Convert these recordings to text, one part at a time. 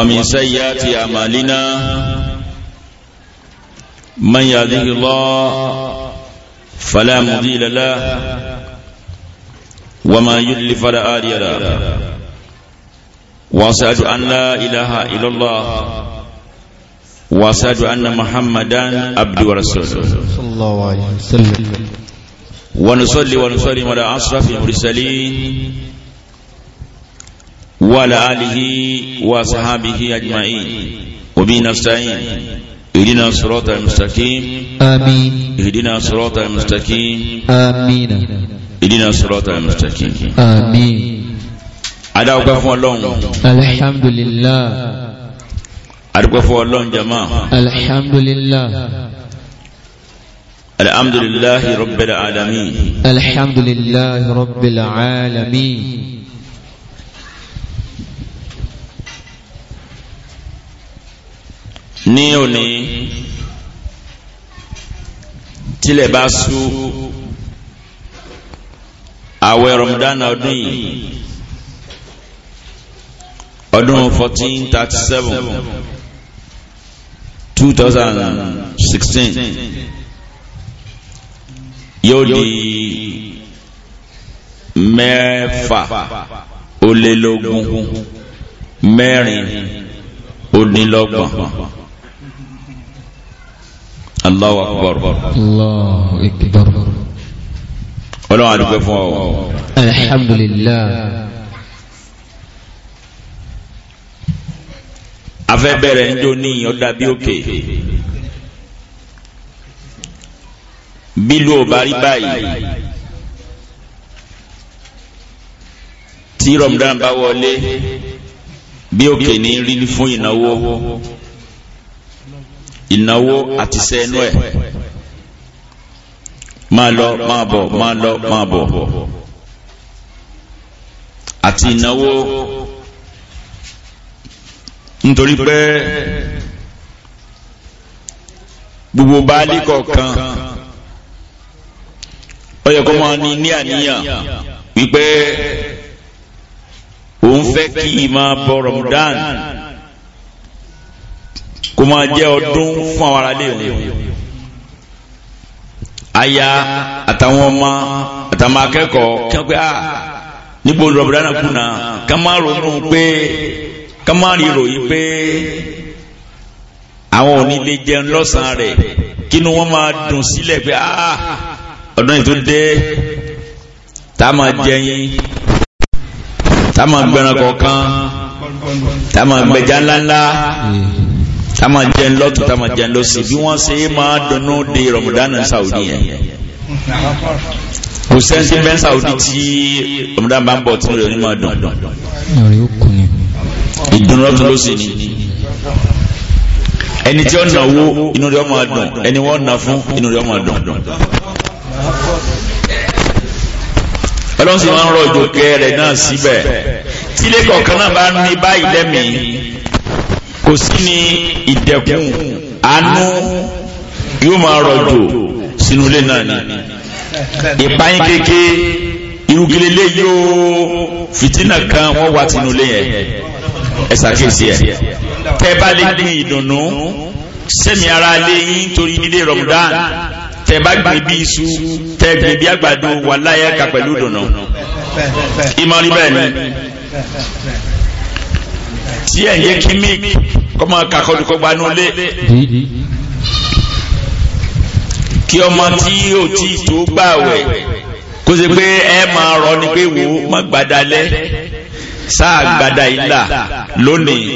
ومن سيئات أعمالنا من يهده الله فلا مضل له وما يضلل فلا هادي له واشهد ان لا إله إلا الله واشهد أن محمدا عبده ورسوله صلى الله عليه وسلم ونصلي ونسلم على اشرف المرسلين وعلى آله وصحابه أجمعين وبه نستعين اهدنا الصراط المستقيم آمين اهدنا الصراط المستقيم آمين اهدنا الصراط المستقيم آمين أدعو كفو الله الحمد لله أدعو كفو الله جماعة الحمد لله الحمد لله رب العالمين الحمد لله رب العالمين ní òní tilẹ̀ bá sú àwẹ̀ Ramadan ọdún yìí ọdún fourteen thirty seven two thousand sixteen yóò di mẹ́fà ó lé lógún mẹ́rin ó Allahu akbar Allahu akbar ọlọ́run àdúgbẹ́ fún ọ alhamdulillah afẹ́ bẹ̀rẹ̀ ń jó ní ọ̀dà bí òkè bílù ò bá rí báyìí tí rọ̀mùdán bá wọlé bí òkè ní rí fún ìnáwó àti sẹ́ẹ̀nú ẹ̀ máa lọ máa bọ máa lọ máa bọ àti ìnáwó nítorí pé gbogbo baálé kọ̀ọ̀kan ó yẹ kó máa ní ní àníyàn wípé òun fẹ́ kí Ramadan. kó máa jẹ́ ọdún fún àwọn aráalé òun aya àtàwọn ọmọ àtàwọn akẹ́kọ̀ọ́ kí wọ́n pé a ah, níbo rọ̀bùdá náà kùnà ká má ronú pé ká má rí ròyìn pé àwọn ò ní lè jẹun lọ́sàn-án rẹ̀ kí ni wọ́n máa dùn sílẹ̀ pé a ah, ọdún yìí tó dé tá a máa jẹyin tá a máa gbẹran kọ̀ọ̀kan tá a máa gbẹja ńláńlá tá máa jẹ ń lọ́tù tá máa jẹ ń lọ́sì bí wọ́n ṣe máa dunnú de Ramadan Saudi yẹn kò sẹ́ńtì bẹ́ẹ̀ Saudi tí Ramadan bá ń bọ̀ tí mo lè ní máa dùn ìdùnnú lọ́tù ló sì ní ẹni tí ó náwó inú rẹ̀ máa dùn ẹni wọ́n ná fún inú rẹ̀ máa dùn ọlọ́run sì máa ń rọ̀ ìjòkè rẹ̀ náà síbẹ̀ tí ilé kọ̀ọ̀kan náà bá ní báyìí lẹ́mìí kò sí ní ìdẹ̀kùn àánú yóò máa rọ̀jò sínú ilé náà ni ìpáyín kéke irúgbìn ilé yóò fìtínà kan wọ́n wá tinú ilé yẹn ẹ ṣàkíyèsí ẹ tẹ bá lè gbin ìdùnnú sẹ́mi ara lé yín torí nílé Ramadan tẹ bá gbin bí iṣu tẹ gbin bí àgbàdo wà láyé ká pẹ̀lú ìdùnnú ìmọ̀ rí bẹ́ẹ̀ ni tí ẹ̀ yé kí mí kọ́ máa kakọ́dù kọ́ gbanú lé kí ọmọ tí o tí tó gbàwẹ̀ kó ṣe pé ẹ máa rọ ni pé wò ó má gbada lẹ́ sáà gbada ìlà lónìí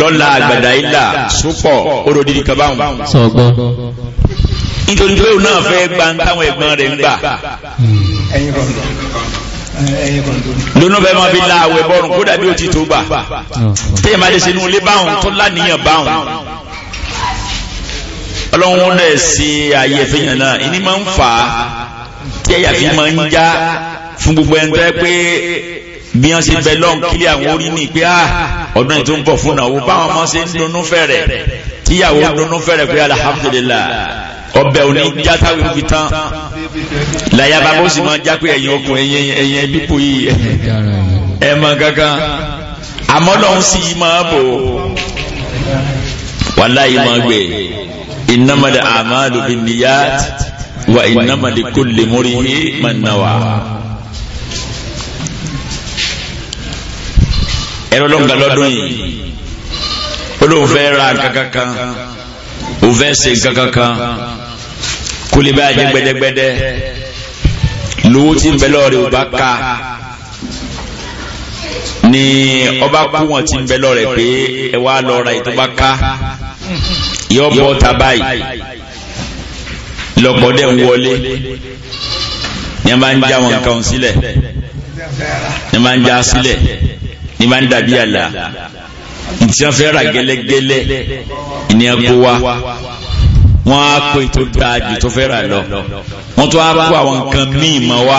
lọ́la àgbàdà ìlà súpọ̀ orodidi kabáhùn sọ̀gbọ́n nítorí pé òun náà fẹ́ gba ẹ̀gbọ́n rẹ̀ ń gbà lónà bẹ́ẹ̀ máa fi la àwẹ̀ bọ́rùn kó dàbí ó ti tó gbà téèyàn máa lè ṣe inú ilé báwọn tó láníyàn báwọn ọlọ́run náà ṣe ayé ẹ̀fẹ́ yẹn náà ìní máa ń fà á tí ẹ̀yà fi máa ń já fún gbogbo ẹni tó pé bí wọ́n ṣe bẹ lọ́n kílẹ̀ àwọn orí ni pé ah, ọdún yìí tó ń bọ̀ fún náà wò báwọn ọmọ ṣe ń dunnú fẹ̀rẹ̀ tíyàwó dunnú fẹ̀rẹ̀ pé alhamdulillah ọbẹ̀ òní játa wíwú fi tán làyàbá bó sì máa jápé ẹ̀yìn okùn ẹ̀yìn ẹ̀yìn ẹ̀bípo yìí ẹ̀ mọ̀ gángan àmọ́ lọ́hún sì máa bò wàláyé máa gbé innamal a'malu binniyat wa innama likulli mri'in ma nawa. ẹ̀rọ lọ́nà lọ́dún yìí olóhùn fẹ́ ra nǹkan kankan òun fẹ́ ṣe nǹkan kankan kó lè bá jẹ́ gbẹ́dẹ́gbẹ́dẹ́ ń bẹ lọ́ọ̀rẹ́ ò bá ka ni ọba kú wọn tí ń bẹ lọ́ọ̀rẹ́ pé ẹ wá lọ ra ètò bá ká yọ bọ́ ta báyìí lọ́pọ̀ dẹ̀ ń wọlé ní a máa ń já wọn nǹkan sílẹ̀ ní a máa ń já sílẹ̀ ní a máa ń dàbí àlà ntí ra gẹ́lẹ́gẹ́lẹ́ ìní ẹ̀kọ́ wa wọ́n á pè tó dáa jù tó fẹ́ rà lọ wọ́n tó á kó àwọn nǹkan míì mọ́ wá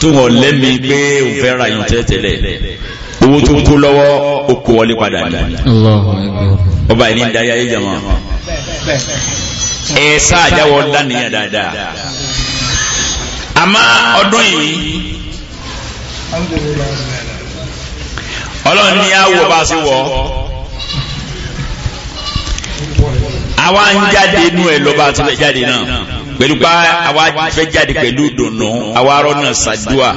tó wọ́n lẹ́mi pé òun fẹ́ ra yàn tẹ́tẹ́lẹ̀ owó tó kó lọ́wọ́ ó kó wọlé padà ní ọba ìní darí ayé jàmọ́ ẹ sáà jáwọ́ dánìyàn dáadáa àmọ́ ọdún yìí ọlọ́run ní àwọ̀ bá a ṣe wọ̀ ọ́. àwa ń jáde nú ẹ̀ lọ́ba tó fẹ́ jáde náà pẹ̀lú pa àwa fẹ́ jáde pẹ̀lú dùnú àwa rọ́nà sàdúà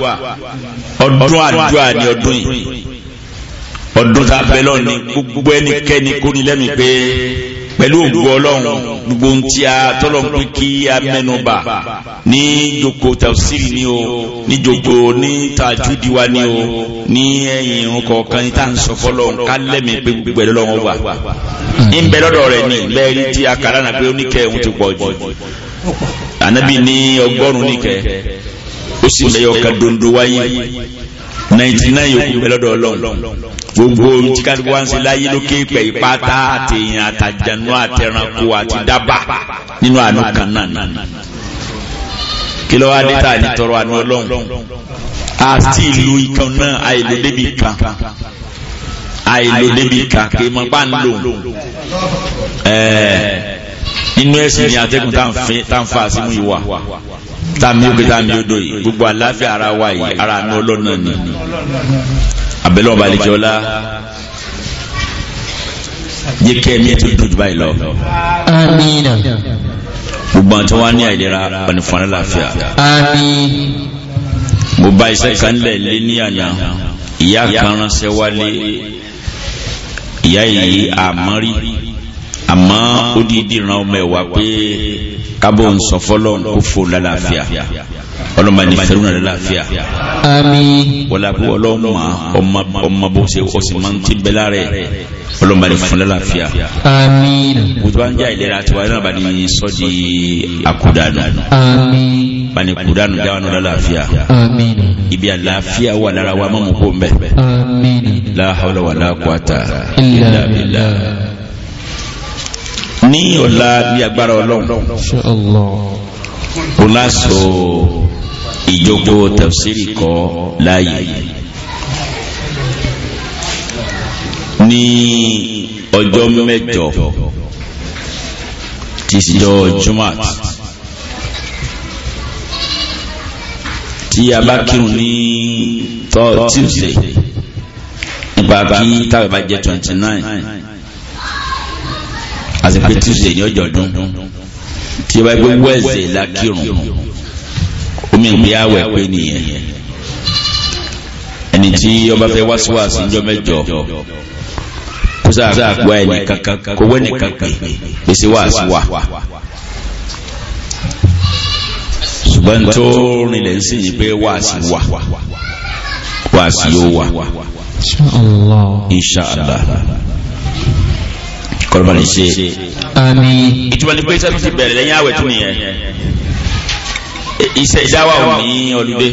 ọdún àdúà ni ọdún yìí ọdún tá a bẹ lọ́ni gbogbo ẹnikẹ́ni kó lẹ́mìí pé. pẹ̀lú ògùn ọlọ́run gbogbo ń tí a tọ́lọ̀ ń pín kí a ní joko ni o ní joko ní tajudi ni o ní ẹ̀yìn ọkọ̀ kọ̀ọ̀kan ní tá à ń sọ pé gbogbo lọ́wọ́ wa lọ́dọ̀ rẹ̀ dondo wáyé. 99 yòókù bẹ lọ́dọ̀ ọlọ́run gbogbo tí kálukú wá ń ṣe láyé lókè pẹ̀ ìpátá àtẹ̀yìn àtàjànú àtẹranko àti dábà nínú àánú kan náà kí ló wá dé tá ní tọrọ àánú ọlọ́run àti ìlú ikan náà àìlú débi kan àìlú débi kan kì í mọ bá ń lò ẹ̀ẹ́ inú ẹ̀sìn ni atẹ́gùn tá ń fa sínú ìwà tàmí òkè tàmí odò yìí gbogbo àláfíà ara wa yìí ara àánú ọlọ́nà ni abẹ́lẹ́ ọba àlejò ọlá jẹ́ kí ẹ̀mí ẹ̀ tó dùn jù báyìí lọ. amiina. gbogbo àwọn tí ní àìlera panifọ́n aláfíà. àmín. mo bá iṣẹ́ kan lẹ̀ lé ní àná ìyá kan ránṣẹ́ wálé ìyá yìí àmọ́rí àmọ́ ó di ìdíran ọmọ ẹ̀wà pé kábọ̀ ń sọ fọ́lọ́ kó fò lálàáfíà ọlọ́mọ ẹni fẹ́rù náà lálàáfíà àmín wọlé àbú ọlọ́mọ ọmọ bó ṣe ọsì máa ń ti bẹ́lá rẹ̀ ọlọ́mọ ẹni fún lálàáfíà àmín gbogbo ń já ìlera tiwa náà bá ní sọ di àkúdànù àmín bá ní kúdànù náà lálàáfíà àmín ibi àlàáfíà wà lára wa mọ́mú kó ń bẹ̀ àmín la hawla wala quwata illa ní ọ̀la bí agbára ọlọ́run o láṣọ ìjókòó tafsiri kọ láàyè ní ọjọ́ mẹ́jọ ti jọ jumat tí a bá kírun ní tọ́ tuesday nípa kí tábàbá jẹ́ twenty nine àti pé tuesday ní ọjọ́ ọdún tí wọ́n gbé wẹ́ẹ̀sẹ̀ lákìrùn omi ìgbé àwẹ̀ pé nìyẹn ẹni tí ọba fẹ́ wá síwáàsí níjọ́ mẹ́jọ kó sáà kó ẹnì kankan kó wẹ́ẹ̀nì kankan pèsè wáàsí wà ṣùgbọ́n tó rinlẹ̀ ń sìn ní pé wáàsí wà wáàsí yóò wà inṣàlá kọlọmọlẹ ṣe. àmín. ìtumọ̀ ní pé sẹ́fù ti bẹ̀rẹ̀ lẹ́yìn àwẹ̀ tún nìyẹn iṣẹ́ ìdáwà ò ní ọlúdé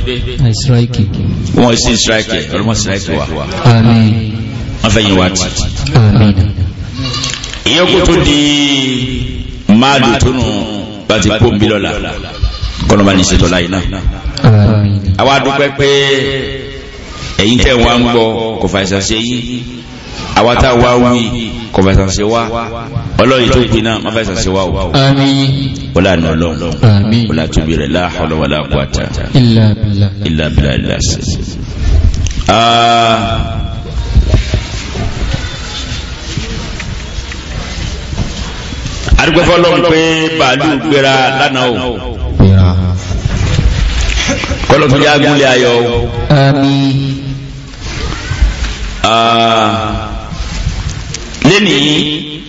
wọ́n sí ìsìráìkì ọlọ́mọ ìsìráìkì wà wọ́n fẹ́yìn wá tí ìyẹ́kù tó di máàlù tó nù láti kó mi lọ́la kọ́nọ́mà ní ìṣètò láì náà àwa dúpẹ́ pé ẹ̀yin tẹ̀ wá ń gbọ́ kò fàìsàn ṣe yín àwa kọfẹsàn ṣe wá ọlọ́yìn tó gbin náà mọ́fẹsàn ṣe wá o àmín wọlé àná ọlọ́run àmín rẹ̀ la hawla wala quwwata illa billah illa billah illa sí. àdúgbòfọ́ lọ́n pé bàálù gbéra lánàá o kọ́lọ́ tó yá gúnlẹ̀ lénìí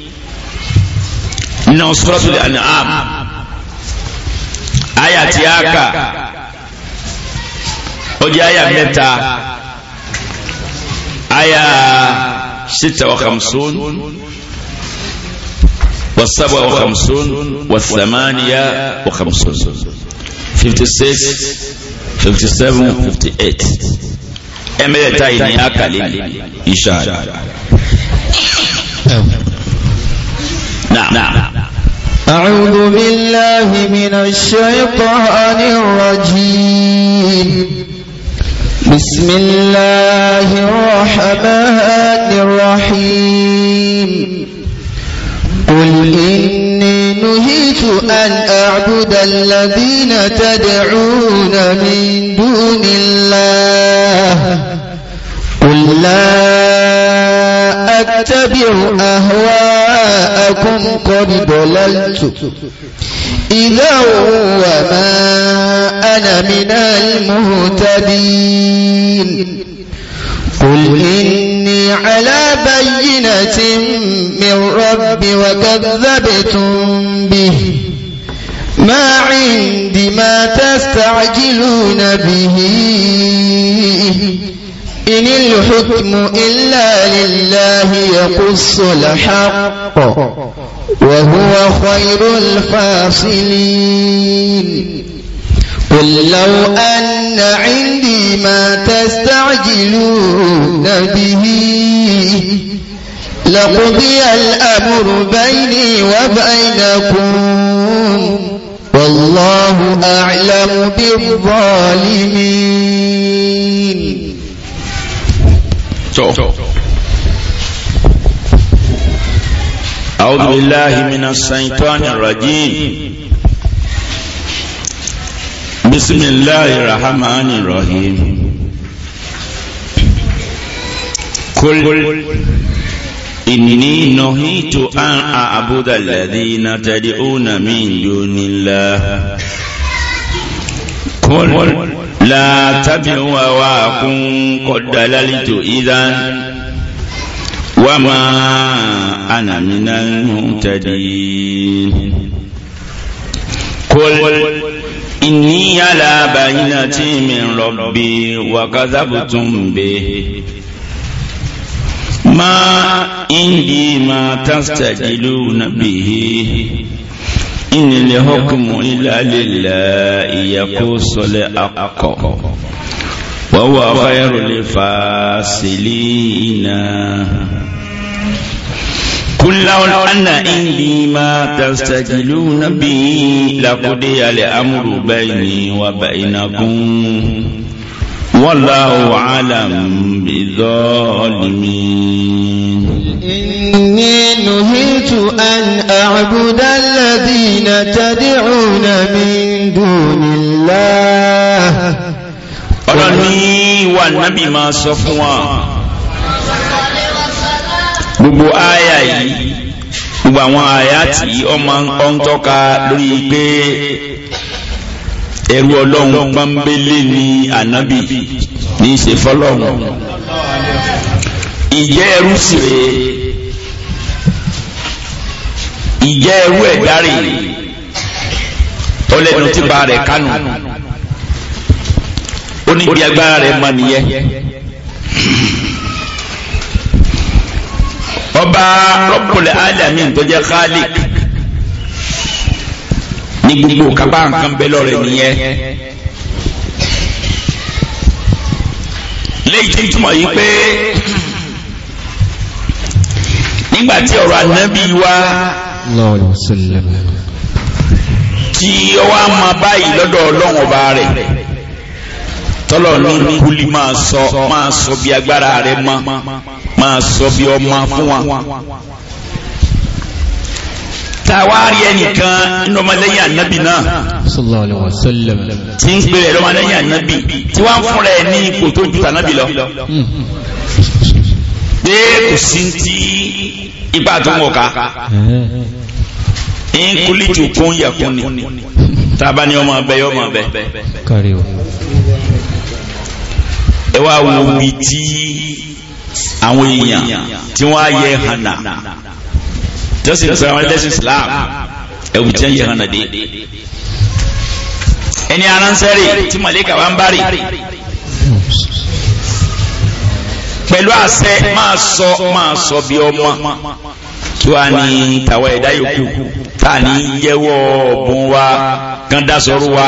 nínú suratul an'am àyà tí a kà ó jẹ́ àyà mẹ́ta àyà sita wa khamsun wa saba wa khamsun wa thamaniya wa khamsun 56 57 58 ẹ̀mẹ́rẹ̀ta yìí ni a kà lé ní نعم نعم أعوذ بالله من الشيطان الرجيم بسم الله الرحمن الرحيم قل إني نهيت أن أعبد الذين تدعون من دون الله قل لا أتبع أهواءكم قد ضللت إذا وما أنا من المهتدين قل إني على بينة من ربي وكذبتم به ما عندي ما تستعجلون به إن الحكم إلا لله يقص الحق وهو خير الفاصلين قل لو أن عندي ما تستعجلون به لقضي الأمر بيني وبينكم والله أعلم بالظالمين tọ́ أعوذ بالله من الشيطان الرجيم بسم الله الرحمن الرحيم قل إني نهيت أن أعبد الذين تدعون من دون الله قل لا تبعوا هواكم قد دللت إذا وما أنا من المهتدين قل إني على بينة من ربي وكذبتم به ما عندي ما تستجلون به إن الحكم إلا لله يقص الحق وهو خير الفاصلين قل لو أن عندي ما تستجلون به لقضي الأمر بيني وبينكم والله أعلم بالظالمين نهيت أن أعبد الذين تدعون من دون الله ọlọ́ni والنبي ما máa sọ fún wa gbogbo àyà yìí gbogbo àwọn àyà tí ọmọ ń tọ́ka lórí pé ẹrú ọlọ́run pọ́nbélé ni ànábì ní í ìjẹ́ ẹrú sì rèé ìjẹ́ ẹrú ẹ̀dá rè ọlẹ́nu tí ba rẹ̀ kánú ó ní bí agbára rẹ̀ mọ nìyẹn. ọba Rabbul Alamin tó jẹ́ Khalik ní gbogbo kápá nǹkan bẹ́ẹ̀ lọ́rẹ̀ nìyẹn. léyìí tí túmọ̀ yìí pé nígbà tí ọ̀rọ̀ ànábì wa tí ó wá ma báyìí lọ́dọ̀ ọlọ́run ọba rẹ̀ tọ́lọ̀ ní kúlí máa sọ máa sọ bí agbára rẹ̀ mọ́ máa sọ bí ọmọ fún wa tàwárí ẹnìkan inú ọmọlẹ́yìn ànábì náà sallallahu alaihi wasallam tí ń pè ẹ̀rọ ọmọlẹ́yìn ànábì tí wọ́n fúnra ẹ̀ pé kò sí ti ipa tó ń wọ̀ ká nkuli tí o kún yẹkun ni tábà ni ọmọ abẹ yọmọ abẹ ẹ wá wo ibi tí àwọn èèyàn tí wọ́n á yẹ hànà tí ó sì ń Islam ẹ̀wù tí yẹ hànà dé ẹni aránsẹ́rì tí màlẹ́kà bá ń bá pẹ̀lú àṣẹ máa sọ máa sọ bí ọmọ tí wàá ní tàwa ẹ̀dá yòókù tá a ní yẹ́wọ́ ọ̀bùn wa kan dá sọ́rọ́ wa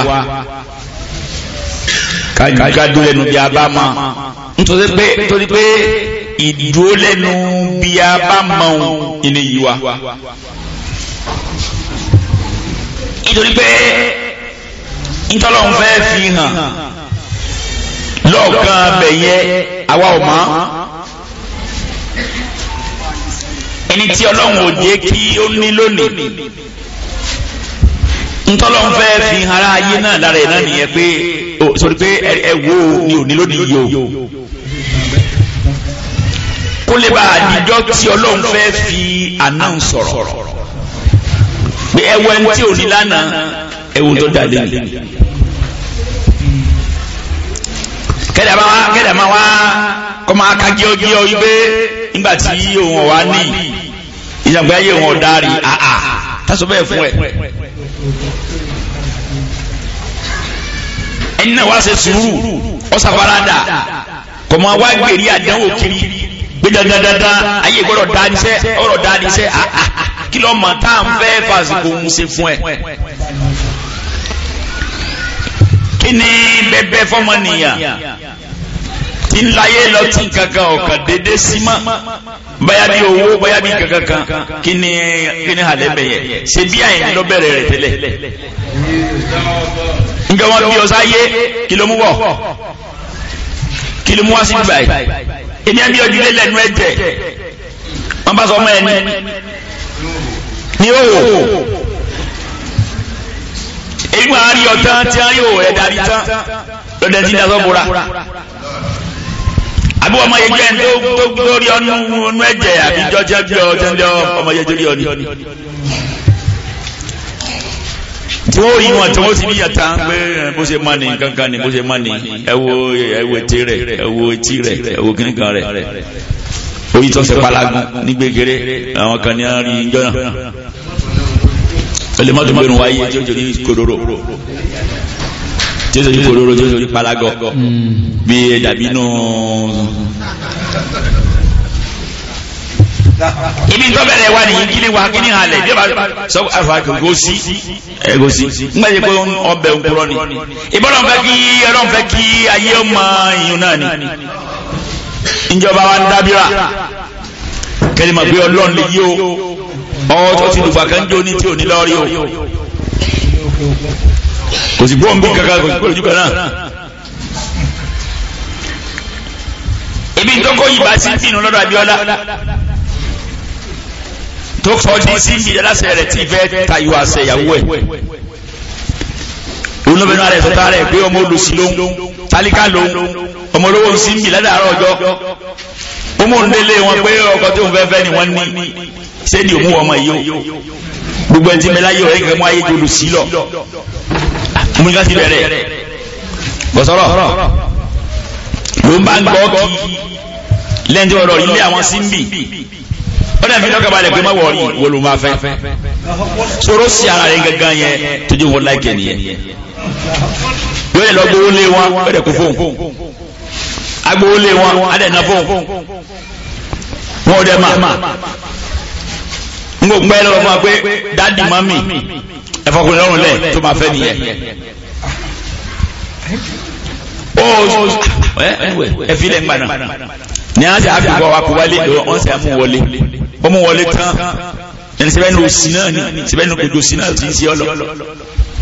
kájú lẹ́nu bí a bá mọ̀ nítorí pé nítorí pé ìdúró lẹ́nu bí a bá mọ̀ ilé yìí wa nítorí pé ntọ́lọ́hún fẹ́ fi hàn lọ́ọ̀kan bẹ̀yẹ àwa ò ẹni tí ọlọ́run ò jẹ́ kí ó ní lónìí ntọ́lọ́run fẹ́ fi ara ayé náà lára ẹ̀ náà nìyẹn pé sori pé ẹ wo ni ò ní lónìí yìí o kó lè bá àdìjọ́ tí ọlọ́run fẹ́ fi àná sọ̀rọ̀ pé ẹ wọ ẹni tí ò ní lánàá ẹ wo tó dáa lẹ́yìn kẹ́dà máa wá kọ́mọ akájíọ́jíọ́ ibé nígbàtí òun ọ̀wá ní ìjàgbé ayé wọn ọ̀dárì àà tásọ bẹ́ẹ̀ fún ẹ̀ ẹni náà wá ṣe sùúrù ọ̀sàfaradà kọ̀mọ́ wá gbèrí àdánwò kiri gbé dandandandan ayé gbọ́dọ̀ dáníṣẹ́ ọ̀rọ̀ dáníṣẹ́ àà kí lọ́ mọ̀ tá à ń fẹ́ fàṣìkò ń ṣe fún ẹ̀ kí ni bẹ́ẹ̀ bẹ́ẹ̀ fọmọ nìyà tí ń láyé lọ tí kankan ọ̀kan dédé sí mọ́ báyá bí owó báyá bí kankan kan kí ni kí ni àlẹ́ bẹ̀ yẹ ṣe bí àyẹ̀ lọ bẹ̀rẹ̀ rẹ̀ tẹ́lẹ̀ nǹkan wọn bí ọ̀sá yé kí mú wọ̀ kí mú wá sí gbà yìí èmi àbí ọdún lé lẹ́nu ẹ̀jẹ̀ wọn bá sọ ọmọ ẹni ni ó wò èyí wọn á rí ọtán tí wọn yóò ẹ̀ darí tán lọ́dẹ̀ tí ń dasọ́ àbí ọmọ yẹn jẹ́ tó lórí ọnú ẹ̀jẹ̀ àbí jọjẹ́ bí ọjọ́ ń lọ ọmọ yẹn lórí ọnú. tí wọ́n rí wọn tí wọ́n sì níyà tán pé eh, bó ṣe máa ní kankan ní bó ṣe máa ní ẹ wo ẹ wo etí rẹ̀ ẹ etí rẹ̀ ẹ wo kíníkan oyin tó ṣe palagun ní gbẹgẹrẹ àwọn kan ní a rí ijọ́ náà ẹlẹ́mọ́tò gbẹ̀rún wáyé tí ní kodoro tí ó sojú kòróró tí ó sojú palagọ mm. bí dàbí nù. ibi tó bẹ̀rẹ̀ wa nìyí kí ni wa kí ni halẹ̀ bí sọ àfà kò sí ẹ kò sí n gbàdé pé ọbẹ̀ nkúrọ́ ni ìbọ̀lọ̀ fẹ́ kí ọlọ́run fẹ́ kí ayé ọmọ ìyún náà ni ìjọba wa ń dábìrà kẹ́lí ma gbé ọlọ́run lè yí o ọwọ́ tó ti dùgbà kan jó ní tí ò ní lọ́ọ́rí o kò sì gbọ́n bí kankan kò sì gbọ́n lójú náà. ebi ntọ́kọ yìí bá sí bínú lọ́dọ̀ Abíọ́lá tó sọ di sí ìyá lásẹ̀ rẹ̀ tí fẹ́ ta ìwà àṣẹ ìyàwó ẹ̀ olóbìnrin ààrẹ tó tààrẹ pé ọmọ olùsí ló ń tálíkà ló ń ọmọ olówó ń sí ń bì ládàárọ̀ ọjọ́ ọmọ òǹdélé wọn pé ọkọ tí òun fẹ́ fẹ́ ni wọ́n ní ṣé ni òun wọ́n mọ̀ yìí o gbogbo ẹni tí mẹ́láyé ọ̀rẹ́ kẹ́kẹ́ mú ayé tó olùsí lọ mo ní láti bẹ̀rẹ̀ bọ̀sọ̀rọ̀ ló ń bá ń gbọ́ kí lẹ́yìn tí ọ̀rọ̀ ilé àwọn símbì ó dẹ̀ fi lọ́kà balẹ̀ pé má wọ̀rí wo ló máa fẹ́ sọ̀rọ̀ sí ara rẹ̀ gangan yẹn tó jẹ́ wọn láìkẹ́ nìyẹn wọ́n yẹ lọ gbowó lé wọn ó dẹ̀ kó fóun agbowó lé wọn á dẹ̀ ná fóun wọn ò dẹ̀ mà ń gbọ́ pẹ́ lọ́wọ́ fún wa pé dáàdì mami ẹ̀fọ́kùnrin lọ́rùn lẹ̀ tó máa fẹ́ nìyẹn ẹ̀fílẹ̀ ń gbàdàn ní àti àfikọ́ wa kò wálé lọ wọ́n sì mú wọlé wọ́n mú wọlé tán ẹni sẹ́bẹ̀ ní òsì náà ni sẹ́bẹ̀ ní gbogbo òsì náà ti ń ṣe ọlọ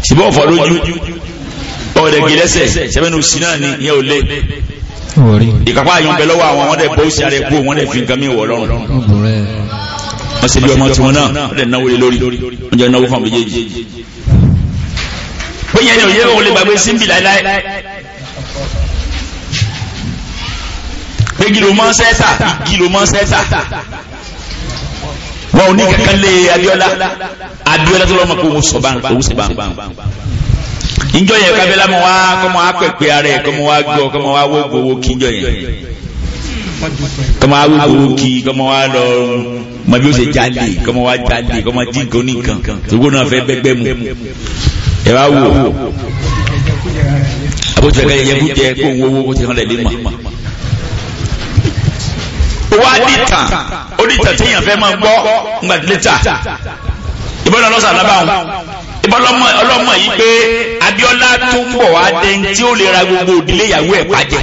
ṣùgbọ́n ọ̀fọ̀ lójú ọ̀rẹ́ gẹ̀lẹ́sẹ̀ sẹ́bẹ̀ ní òsì náà ni ìyẹn ò lé ìkápá àyànbẹ lọ́wọ́ àwọn ọmọdé bọ́ òsì àrẹ kú òun dẹ̀ fi nǹkan mi wọ̀ lọ́rùn wọ́n ṣe bí ọmọ tiwọn náà wọ́n dẹ̀ náwó lé lórí wọ́n jẹ́ náwó fún àwọn méjèèjì bóyá yóò yẹ òun lè gbàgbé síbi láéláé pé gìlò mọ́ sẹ́tà gìlò mọ́ sẹ́tà wọn ò ní kankan lé Abíọ́lá Abíọ́lá tó lọ́mọ kó òun sọ báńkì òun sì báńkì njọ yẹ kabila mo wa kọmọ apẹpẹ ara yẹ kọmọ wa gbọ kọmọ wa wo gbowó kí njọ yẹ kọmọ wa wo gbowó kí kọmọ wa lọ mọ bí ó ṣe jáde kọ́mọ wá jáde kọ́mọ jí nǹkan oníkan tókó náà fẹ́ bẹ́gbẹ́ mu ẹ wá wò àbójútó ẹ̀ka yẹ kú jẹ kó ń wọ́wọ́ kó ti hàn lẹ́lẹ́ mà wá níta oníta tí èèyàn fẹ́ máa gbọ́ ńgbà níta ìbọn ọlọ́sà lábàáhùn ìbọn ọlọ́mọ yìí pé Abíọ́lá tó ń bọ̀ wá dẹ́n tí ó lè ra gbogbo òdílé ìyàwó ẹ̀ pàjẹ́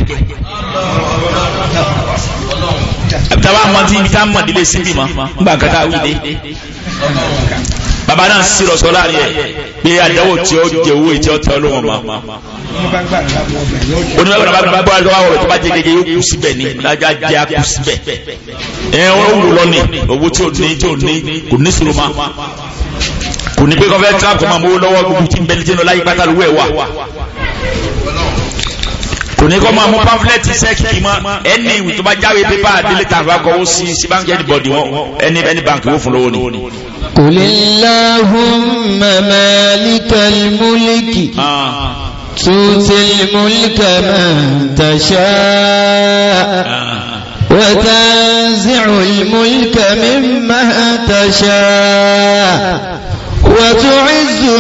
tàbá mọ́ tí ibi tá mọ̀ nílé síbì mọ́ nígbà kan tá a wílé bàbá náà sì rọ̀sọ́ láàrin ẹ̀ pé àdánwò tí ó jẹ owó ìtẹ́ ọ̀tẹ́ ọlọ́wọ́n ma onígbàgbà bàbá bá wà wọ̀ tó bá jẹ gẹ́gẹ́ yóò kú síbẹ̀ ni lájà jẹ́ a kú síbẹ̀ ẹ̀ wọ́n wù lọ ni owó tí ò ní tí ò ní kò ní sòrò ma kò ní pé kọfẹ́ tíráàpù máa mú lọ́wọ́ gbogbo tí ń bẹ́ẹ̀ kò ní kọ́ máa mú pamphlet sẹ́ẹ̀kì mọ́ ẹni ìwé tó bá jáwé pépà délé tàbí akọ̀wé sí sí báńkì ẹni bọ̀dì wọn ẹni ẹni báńkì wó fún lówó ni. Qulillahumma malikal mulki ah. tutil mulka man tasha ah. wa tanzi'ul tasha wa tu'izzu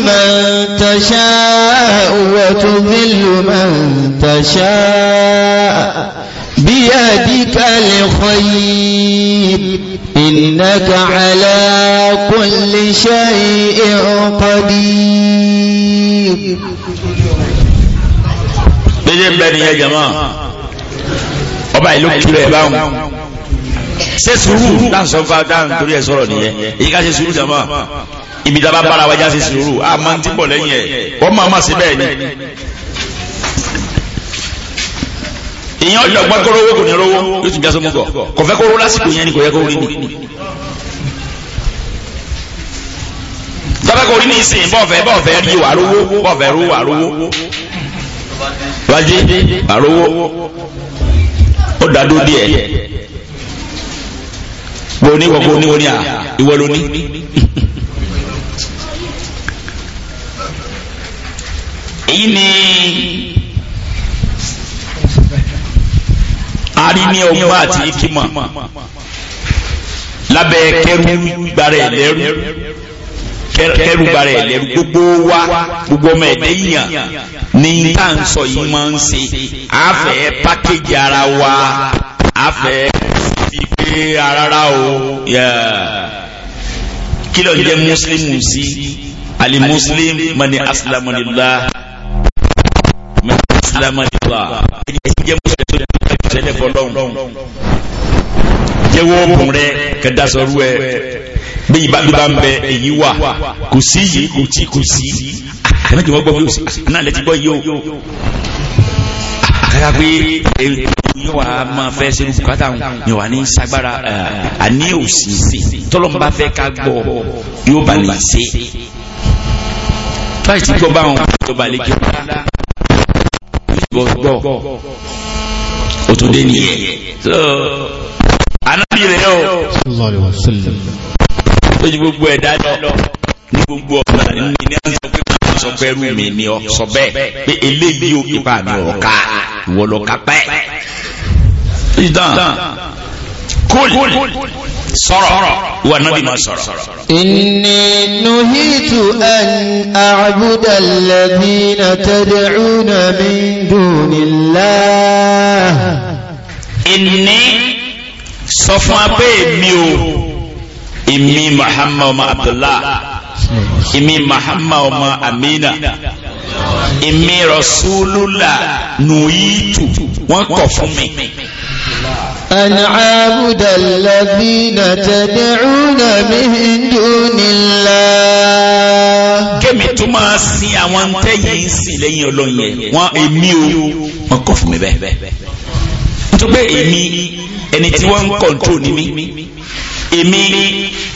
تشاء وتذل من تشاء بيدك الخير إنك على كل شيء قدير lẹ́yìn بني يا جماعة. máa ọba ìlú kúrẹ̀ báhùn ṣe sùúrù láǹsọ́fà dáhùn torí ẹ̀ sọ̀rọ̀ nìyẹn èyí ká ṣe sùúrù jàmáà ibi tá a bá bára wa jáde sùúrù a máa ń tí bọ̀ lẹ́yìn ẹ̀ wọ́n máa ma ṣe bẹ́ẹ̀ ni. ìyẹn ọjọ́ gbọ́ kó rówó kò ní rówó yóò tún bí aṣọ kọ kò fẹ́ kó rówó lásìkò yẹn ni kò yẹ kó rí ni. tọ́fẹ́ kò rí ni ìsìn bọ́ọ̀fẹ́ bọ́ọ̀fẹ́ rí wà rówó bọ́ọ̀fẹ́ rówó wà rówó wájú wà rówó ó dàdó díẹ̀ wo ni wọ́n kò ní wọ́n ní à ìwọ ló ní. èyí ni ari ní ọgbà àti ikima lábẹ́ kẹrù gbàrẹ̀ lẹ́rù kẹrù gbàrẹ̀ lẹ́rù gbogbo wa gbogbo ọmọ ẹ̀dẹ́ yìnyàn ní tá à ń sọ yìí máa ń ṣe àfẹ́ pákéjì ara wa àfẹ́ fi pé arára o kí ló ń jẹ́ mùsùlùmù sí alimuslim mani aslamani la alámàdìlá ẹni jẹ́ mùsùlùmí tó ti ká ìṣẹ̀lẹ̀ fọlọ́hún jẹ́wọ́ ọkùnrin rẹ kẹdásọ̀rú ẹ bí ibà bá ń bẹ èyí wà kò sí yìí kò tí kò sí ẹ̀mí tí wọ́n gbọ́ pé kò sí náà lẹ́tí gbọ́ yìí o àkàrà pé yóò wá máa fẹ́ ṣe bùkátà yóò wá ní sagbára àní òsì tọ́lọ́mùbá fẹ́ ká gbọ́ yóò bá ní í ṣe báyìí tí kò bá wọn tó balẹ̀ kí wọ́n gbọ́ gbọ́ ó tún so anábì rẹ̀ o ó ju gbogbo ẹ̀dá lọ ní gbogbo ọ̀nà ní ní àná pé máa sọ pé mi ni ọ sọ bẹ́ẹ̀ pé eléyìí ó kípa mi ọ̀rọ̀ ká ìwọ lọ ká pẹ́. kúlì sọ̀rọ̀ wà nábì máa sọ̀rọ̀. inni nuhitu an a'buda alladhina tad'una min dunillah. inni sọ fún abẹ́ mi o èmi muhammad ọmọ abdullah èmi muhammad ọmọ amina èmi rasulullah nuhitu wọ́n kọ̀ fún mi. أن عابد الذين تدعون من دون الله kémi tó máa sin àwọn tẹ́ yìí ń sìn lẹ́yìn ọlọ́run yẹn wọ́n èmi o wọ́n kọ́ fún mi bẹ́ẹ̀ nítorí pé èmi ẹni tí wọ́n ń kọ̀ǹtró ni mí èmi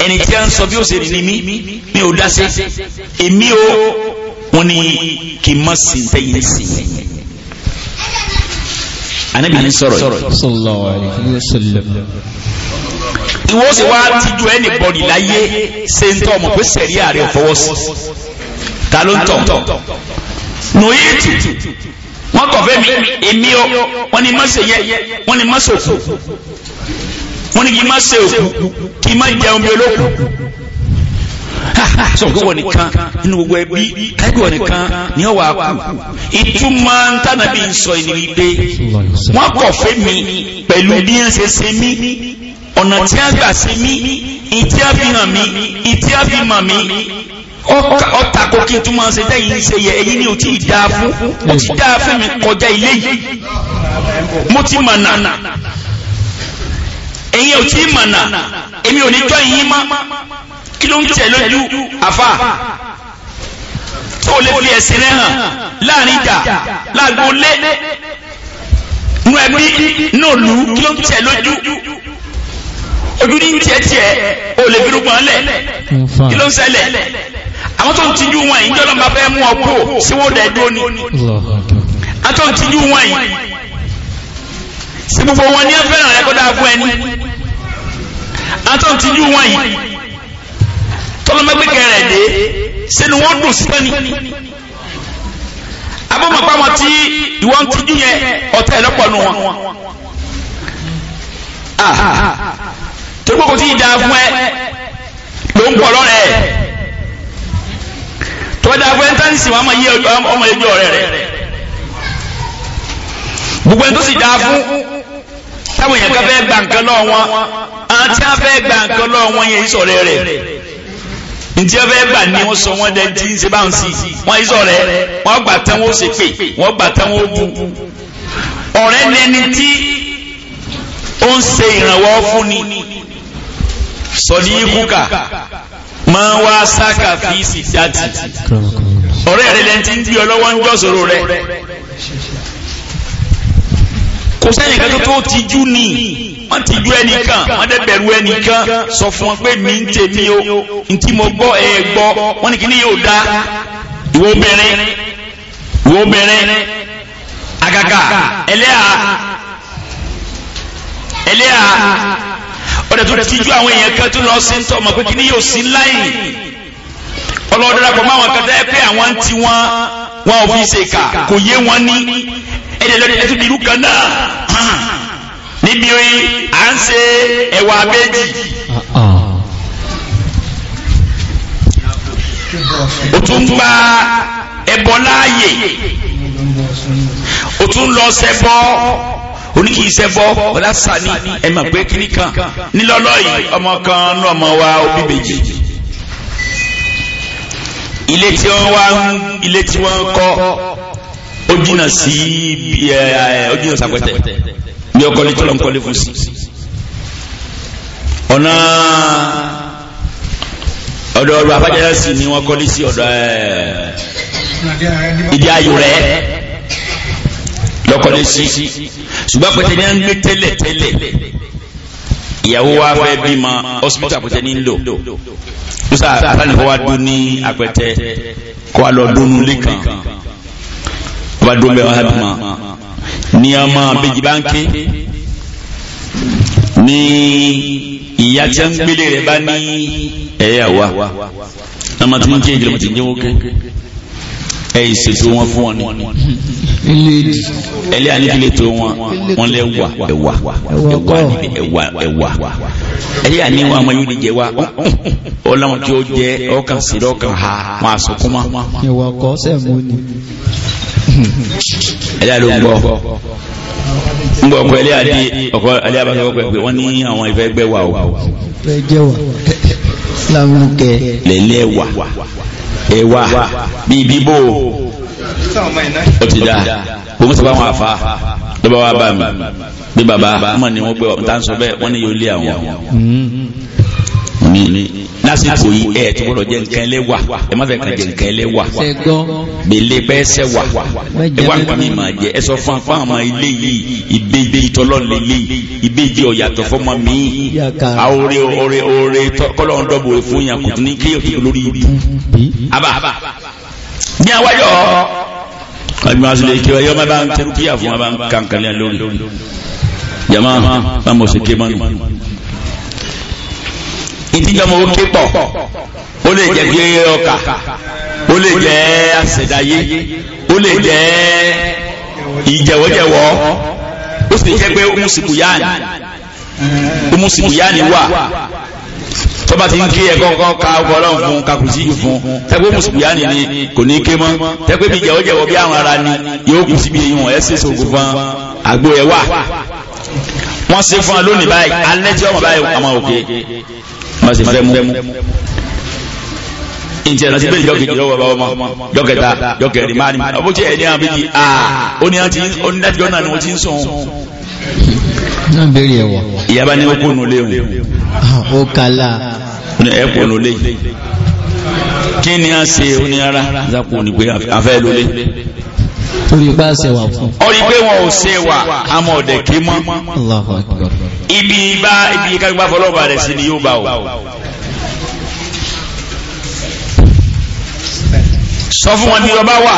ẹni tí a ń sọ bí ó ṣe ni mí mi ò dá sí èmi o wọ́n ní kì í má sin tẹ́ yìí ń sìn lẹ́yìn anábì ní sọ̀rọ̀ ìwọ sì wá tíjú ẹni bọ̀dì láyé ṣe ń tọ́ ọmọ pé sẹ̀rí ààrẹ fọwọ́ sí ta ló ń tọ̀ nùyìtì wọ́n kọ̀ fẹ́ mi èmi o wọ́n ní má ṣe yẹ wọ́n ní má ṣe òkú wọ́n ní kí má ṣe òkú kí má jẹun bí olókùú sọ̀kọ́ wọ̀ nìkan inú gbogbo ẹbí kájọ̀ nìkan ni ó wà kú ìtumọ̀ ntànàbí sọ ìní wípé wọ́n mi pẹ̀lú bí wọ́n ṣe ṣe mí ọ̀nà tí a gbà ṣe mí ìtí a fi hàn mí ìtí a fi mọ̀ mí ọ̀tà kò n tún máa ṣe ṣe yẹ ni fún ti mi kọjá ilé yìí mo ti mọ̀ nà èyí ò tí ì nà èmi ò kí ló ń tẹ̀ lójú àfà tó lè fi ẹ̀sìn rẹ̀ hàn láàrin ìjà láàgbó lé nú ẹbí náà lù kí ló ń tẹ̀ lójú ojú ní tiẹ̀ tiẹ̀ o lè fi rúgbọ́n lẹ̀ kí ló ń ṣẹlẹ̀ àwọn tó ń tijú wọn yìí jọlọ máa fẹ́ mú ọ kó síwó dẹ̀ dúró ni àwọn tó ń tijú wọn yìí sí gbogbo wọn ní ẹ fẹ́ràn rẹ kó dáa fún ẹni àwọn tó ń tijú wọn yìí tọ́lọ́mọ́gbẹ́kẹ̀ rẹ̀ dé sẹ́nu wọ́n dùn sí tẹ́ni abọ́mọ̀pá wọn tí ìwọ́n ń tijú yẹn ọ̀tẹ̀ lọ́pọ̀ nù wọn tó tí ìdá fún ẹ ló ń pọ̀ lọ́rẹ̀ ẹ̀ tó bá dáa fún ẹ́ńtánìsì wọn máa yé ọmọ ẹjọ́ rẹ̀ rẹ̀ gbogbo ẹni tó sì dáa táwọn èèyàn kan fẹ́ gba nǹkan wọn àwọn tí wọ́n fẹ́ wọn yẹn ìsọ̀rẹ́ rẹ̀ ntí ẹ fẹ́ gbà ní wọ́n sọ wọ́n dẹ tí ń ṣe bá ń sí wọ́n yí sọ̀rẹ́ gbà tán wọ́n ṣe pé wọ́n gbà tán wọ́n bu ọ̀rẹ́ lẹni tí ó ń ṣe ìrànwọ́ fún ni sọ̀dí kúkà máa wá sáka fi sí dáàtì ọ̀rẹ́ rẹ lẹni tí ń gbé ọ ń jọ́ sọ̀rọ̀ rẹ kò sẹ́nìkan tó tó ti jú ni wọ́n ti jú ẹnìkan wọ́n dẹ̀ bẹ̀rù ẹnìkan sọ fún wọn pé mi ń tèmi o ntí mo gbọ́ ẹ gbọ́ wọ́n ní kí ni yóò da ìwọ obìnrin ìwọ obìnrin àgàgà ẹlẹ́à ẹlẹ́à ọ̀dẹ̀ tó ti jú àwọn èèyàn kan tó lọ sí ń tọ́ pé kí ni yóò sí láyìn ọlọ́dọ̀ dàpọ̀ máwọn kan tẹ́ pé àwọn ti wọn wọn ò fi ṣe kà kò yé wọn ní ẹ̀dẹ̀ lórí ẹ̀tún dirú kan náà níbi à ń ṣe ẹ̀wà méjì. o tún gba ẹbọ láàyè o tún lọ ṣẹbọ oníkìí ṣẹbọ ọlásàní ẹ mọ̀ pé kíní kan nílọ́lọ́ yìí ọmọ kan ní ọmọ wa òbí méjì ilé tí wọ́n wá ilé tí wọ́n kọ́ ó jìnà sí ó jìnà sàpẹtẹ ní ọkọlẹ tó lọ ń kọlé fún sí ọ̀nà ọ̀dọ̀ ọ̀dọ̀ abájáde sí ni wọ́n kọ́lé sí ọ̀dọ̀ ìdí ayò rẹ̀ lọ́kọ́lé sí ṣùgbọ́n pẹ̀tẹ́ ní à ń gbé tẹ́lẹ̀ tẹ́lẹ̀ ìyàwó wa fẹ́ bímọ hospital pẹ̀tẹ́ ní lò musa àtàlẹ́fọ́ wa dún ní apẹ̀tẹ́ kó a lọ dúnú lẹ́kàn ọba dúró mẹ́wàá hábìmá ní ọmọ abéjì bá ń ké ní ìyá tí a ń gbélé rẹ̀ wa ọmọ tí ń ké ìjọba ti ń jẹ́wọ́ ké ẹ̀ ìṣètò wọn fún wọn ni ẹlẹ́ àníkílẹ̀ tó wọn wọn lẹ́ wà ẹ̀wà ẹ̀wà ẹ̀wà ẹ̀wà ẹlẹ́ àníwọ̀n àwọn yóò jẹ wa ọlọ́run tí ó jẹ ọkàn sí ọkàn ha wọn àsọkúnmọ́ ẹ̀wà kọ́ sẹ́mú ni ẹ̀dá ló gbọ́ ń gbọ́ ọkọ̀ ẹlẹ́ àdí ọkọ̀ ẹlẹ́ wọ́n ní àwọn ìfẹ́ gbẹ́ wà ẹwà bí bíbò ó ti dá kò mú sí báwọn àfa lọ́ba wa bá mi bí bàbá wọ́n ní wọ́n gbé wọn ń sọ bẹ́ẹ̀ wọ́n ní yóò lé àwọn. Hmm lásìkò yìí ẹ̀ tó gbọ́dọ̀ jẹ́ nǹkan ẹlẹ́wà ẹ má fẹ́ kàn jẹ́ nǹkan ẹlẹ́wà gbèlè bẹ́ẹ̀ sẹ́ wà ẹ wá nǹkan mi máa jẹ ẹ sọ fún apá àwọn ilé yìí ìbejì tọ́lọ́ọ̀lẹ̀ yìí ìbejì ọ̀yàtọ̀ fọmọ mi àwòrè òrè òrè kọ́lọ́ọ̀n dọ́bù fún yàn kò ní kéèyàn tó lórí ibú àbá ní àwáyọ̀ ọ̀gbìn àti lè kí yọ máa bá ń tẹ́rù fún wa bá ń kankanlẹ̀ lórí jama bá mọ̀ ìdíjọmọ ó ké pọ̀ ó lè jẹ́ gbé ọkà ó lè jẹ́ àṣẹdáyé ó lè jẹ́ ìjẹ̀wọ́jẹ̀wọ́ ó sì jẹ́ pé umusikuyani umusikuyani wà tó bá ti ń ké ẹ̀kọ́ kọ́ ka ọkọ̀ ọlọ́run fún kakùsí fún tẹ́gbẹ́ musikuyani ni kò ní ké mọ́ tẹ́gbẹ́ bí ìjẹ̀wọ́jẹ̀wọ́ bí àwọn ara ni yóò kù síbi ìwọ̀n ẹ̀ ṣèṣe fún àgbo ẹ̀ wà wọ́n ṣe fún ọ lónìí báyìí alẹ́ tí ọmọ báyìí ọmọ òkè má sì fẹ́ mú njẹ lati bẹ jọ kejì lọ́wọ́ bàbá ọmọ jọ kẹta jọ kẹrin máa ní ma ọbọ tí ẹ ní àbí yìí aa ó ní àti ó ní láti jọ náà ni wọn ti ń sùn. náà béèrè ẹwọ. ìyá bá ó kó nulẹ̀ o. ó kala. ẹ kó nulẹ̀ kí ni a ṣe ó ní ara zakun pé a fẹ́ lulẹ̀ orí pé àṣẹwà fún. orí pé wọn ò ṣẹwà àmọ́ ọ̀dẹ̀ ké mọ́. ibi bá ibi kágbá fọlọ́ba rẹ̀ sí ni yóò bá o. sọ fún wọn bí wọn bá wà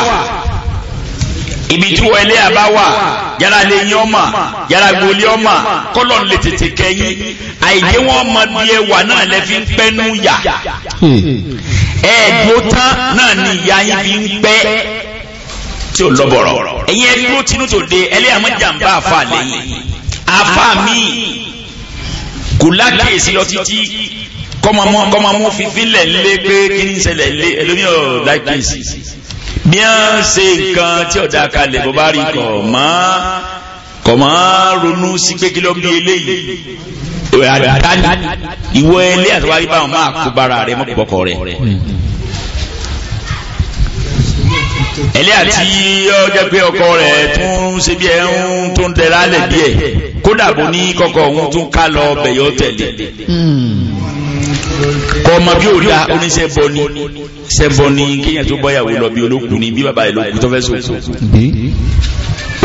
ibi tí wọ́n ilé àbá wà yàrá lè yín ọmọ yàrá gbolí ọmọ kọ́lọ̀ lè tètè kẹ́yìn àìjẹ́ wọn ọmọ bí ẹ wà náà lẹ fi ń pẹ́ nú yà hmm. ẹ̀ẹ́dúró tán náà ni ìyá yín fi ń pẹ́ tí ò lọ́bọ̀rọ̀ ẹ̀yin ẹgbẹ́ tinú tó de ẹlẹ́yà mọ́ jàǹbá àfa lẹ́yìn àfa mi kò lákèsí lọ títí kọ́mọmọ́ kọ́mọmọ́ fífín lẹ̀ lé pé kí ni ṣẹlẹ̀ lé ẹlòmíràn lákèsí bí wọ́n ṣe nǹkan tí ọ̀dà kalẹ̀ bó bá rí kọ̀ mọ́ kọ̀ mọ́ ronú sí pé kí ló bí eléyìí ìwọ ẹlẹ́yà tó wá rí báwọn máa kó bára rẹ̀ mọ́kùbọ́kọ̀ rẹ̀ ẹlẹ́yà tí ó jẹ́ pé ọkọ rẹ̀ tún ṣe bí ẹ̀hún tó ń tẹ̀lé alẹ̀ díẹ̀ kódà bó ní kọ́kọ́ òun tún ká lọ ọbẹ̀ yọ tẹ̀lé kọ́ ọmọ bí ó dá oníṣẹ́ bọ ni ṣẹ́ bọ ni kéèyàn tó bọ́yàwó lọ bí olókùn ni bí bàbá ẹ̀ lókùn tó fẹ́ sòkò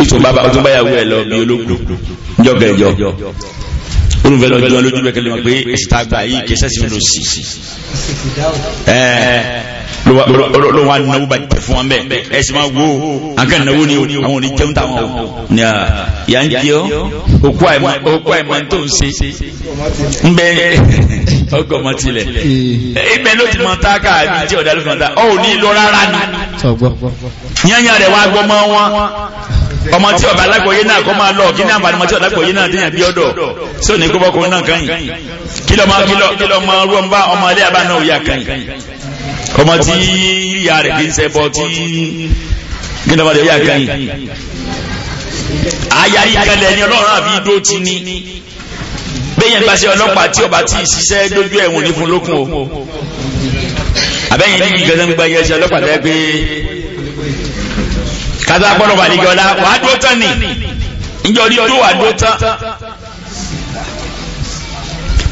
ìtùn bàbá báyàwó ẹ̀ lọ bí olókùn níjọ́ kẹjọ olùfẹ́lẹ́ ọjọ́ lójú bẹ̀kẹ́lẹ́ wọn pé ìsìtàgbà yìí kẹsẹ́ sí ló sì ló wà náwó bá jẹ fún wọn bẹ ẹ sì máa wo àgbà náwó ni àwọn òní jẹun táwọn o ní à yà ń jẹ ọ òkú àìmọ tó ń ṣe ń bẹ ọkọ ọmọ tilẹ ibẹ ló ti mọ tá ká àbíjẹ ọdá ló fi mọ tá ọ ò ní lọ rárá ni yányá rẹ wá gbọmọ wọn ọmọ tí ọba alágbòye náà kọ́ máa lọ kí ní àǹfààní ọmọ tí ọba alágbòye náà déyàn bí ọdọ tí ò ní kó bọ́kùnrin náà kàn yín kí lọ́mọ kí lọ́mọ rúwọ́n bá ọmọ ilé àbá náà yà kàn yín ọmọ tí ìyá rẹ̀ fi ń sẹ́ bọ́ tí kí lọ́mọ rẹ̀ yà kàn yín. àyà ìkàlẹ̀ ni ọlọ́run àbí idó ti ní bẹ́yẹn bá ṣe ọlọ́pàá tí ọba ti ṣiṣẹ́ lójú ẹ̀wọ̀n ní fún lókun o àbẹ́yẹn ní ìgbẹ́sẹ̀ ń ṣe ọlọ́pàá lẹ́gbẹ́ kátó agbọ́dọ̀ wà nígbà ọ̀la wàá dúró tán ni níjọ́ orí ọdún dúró tán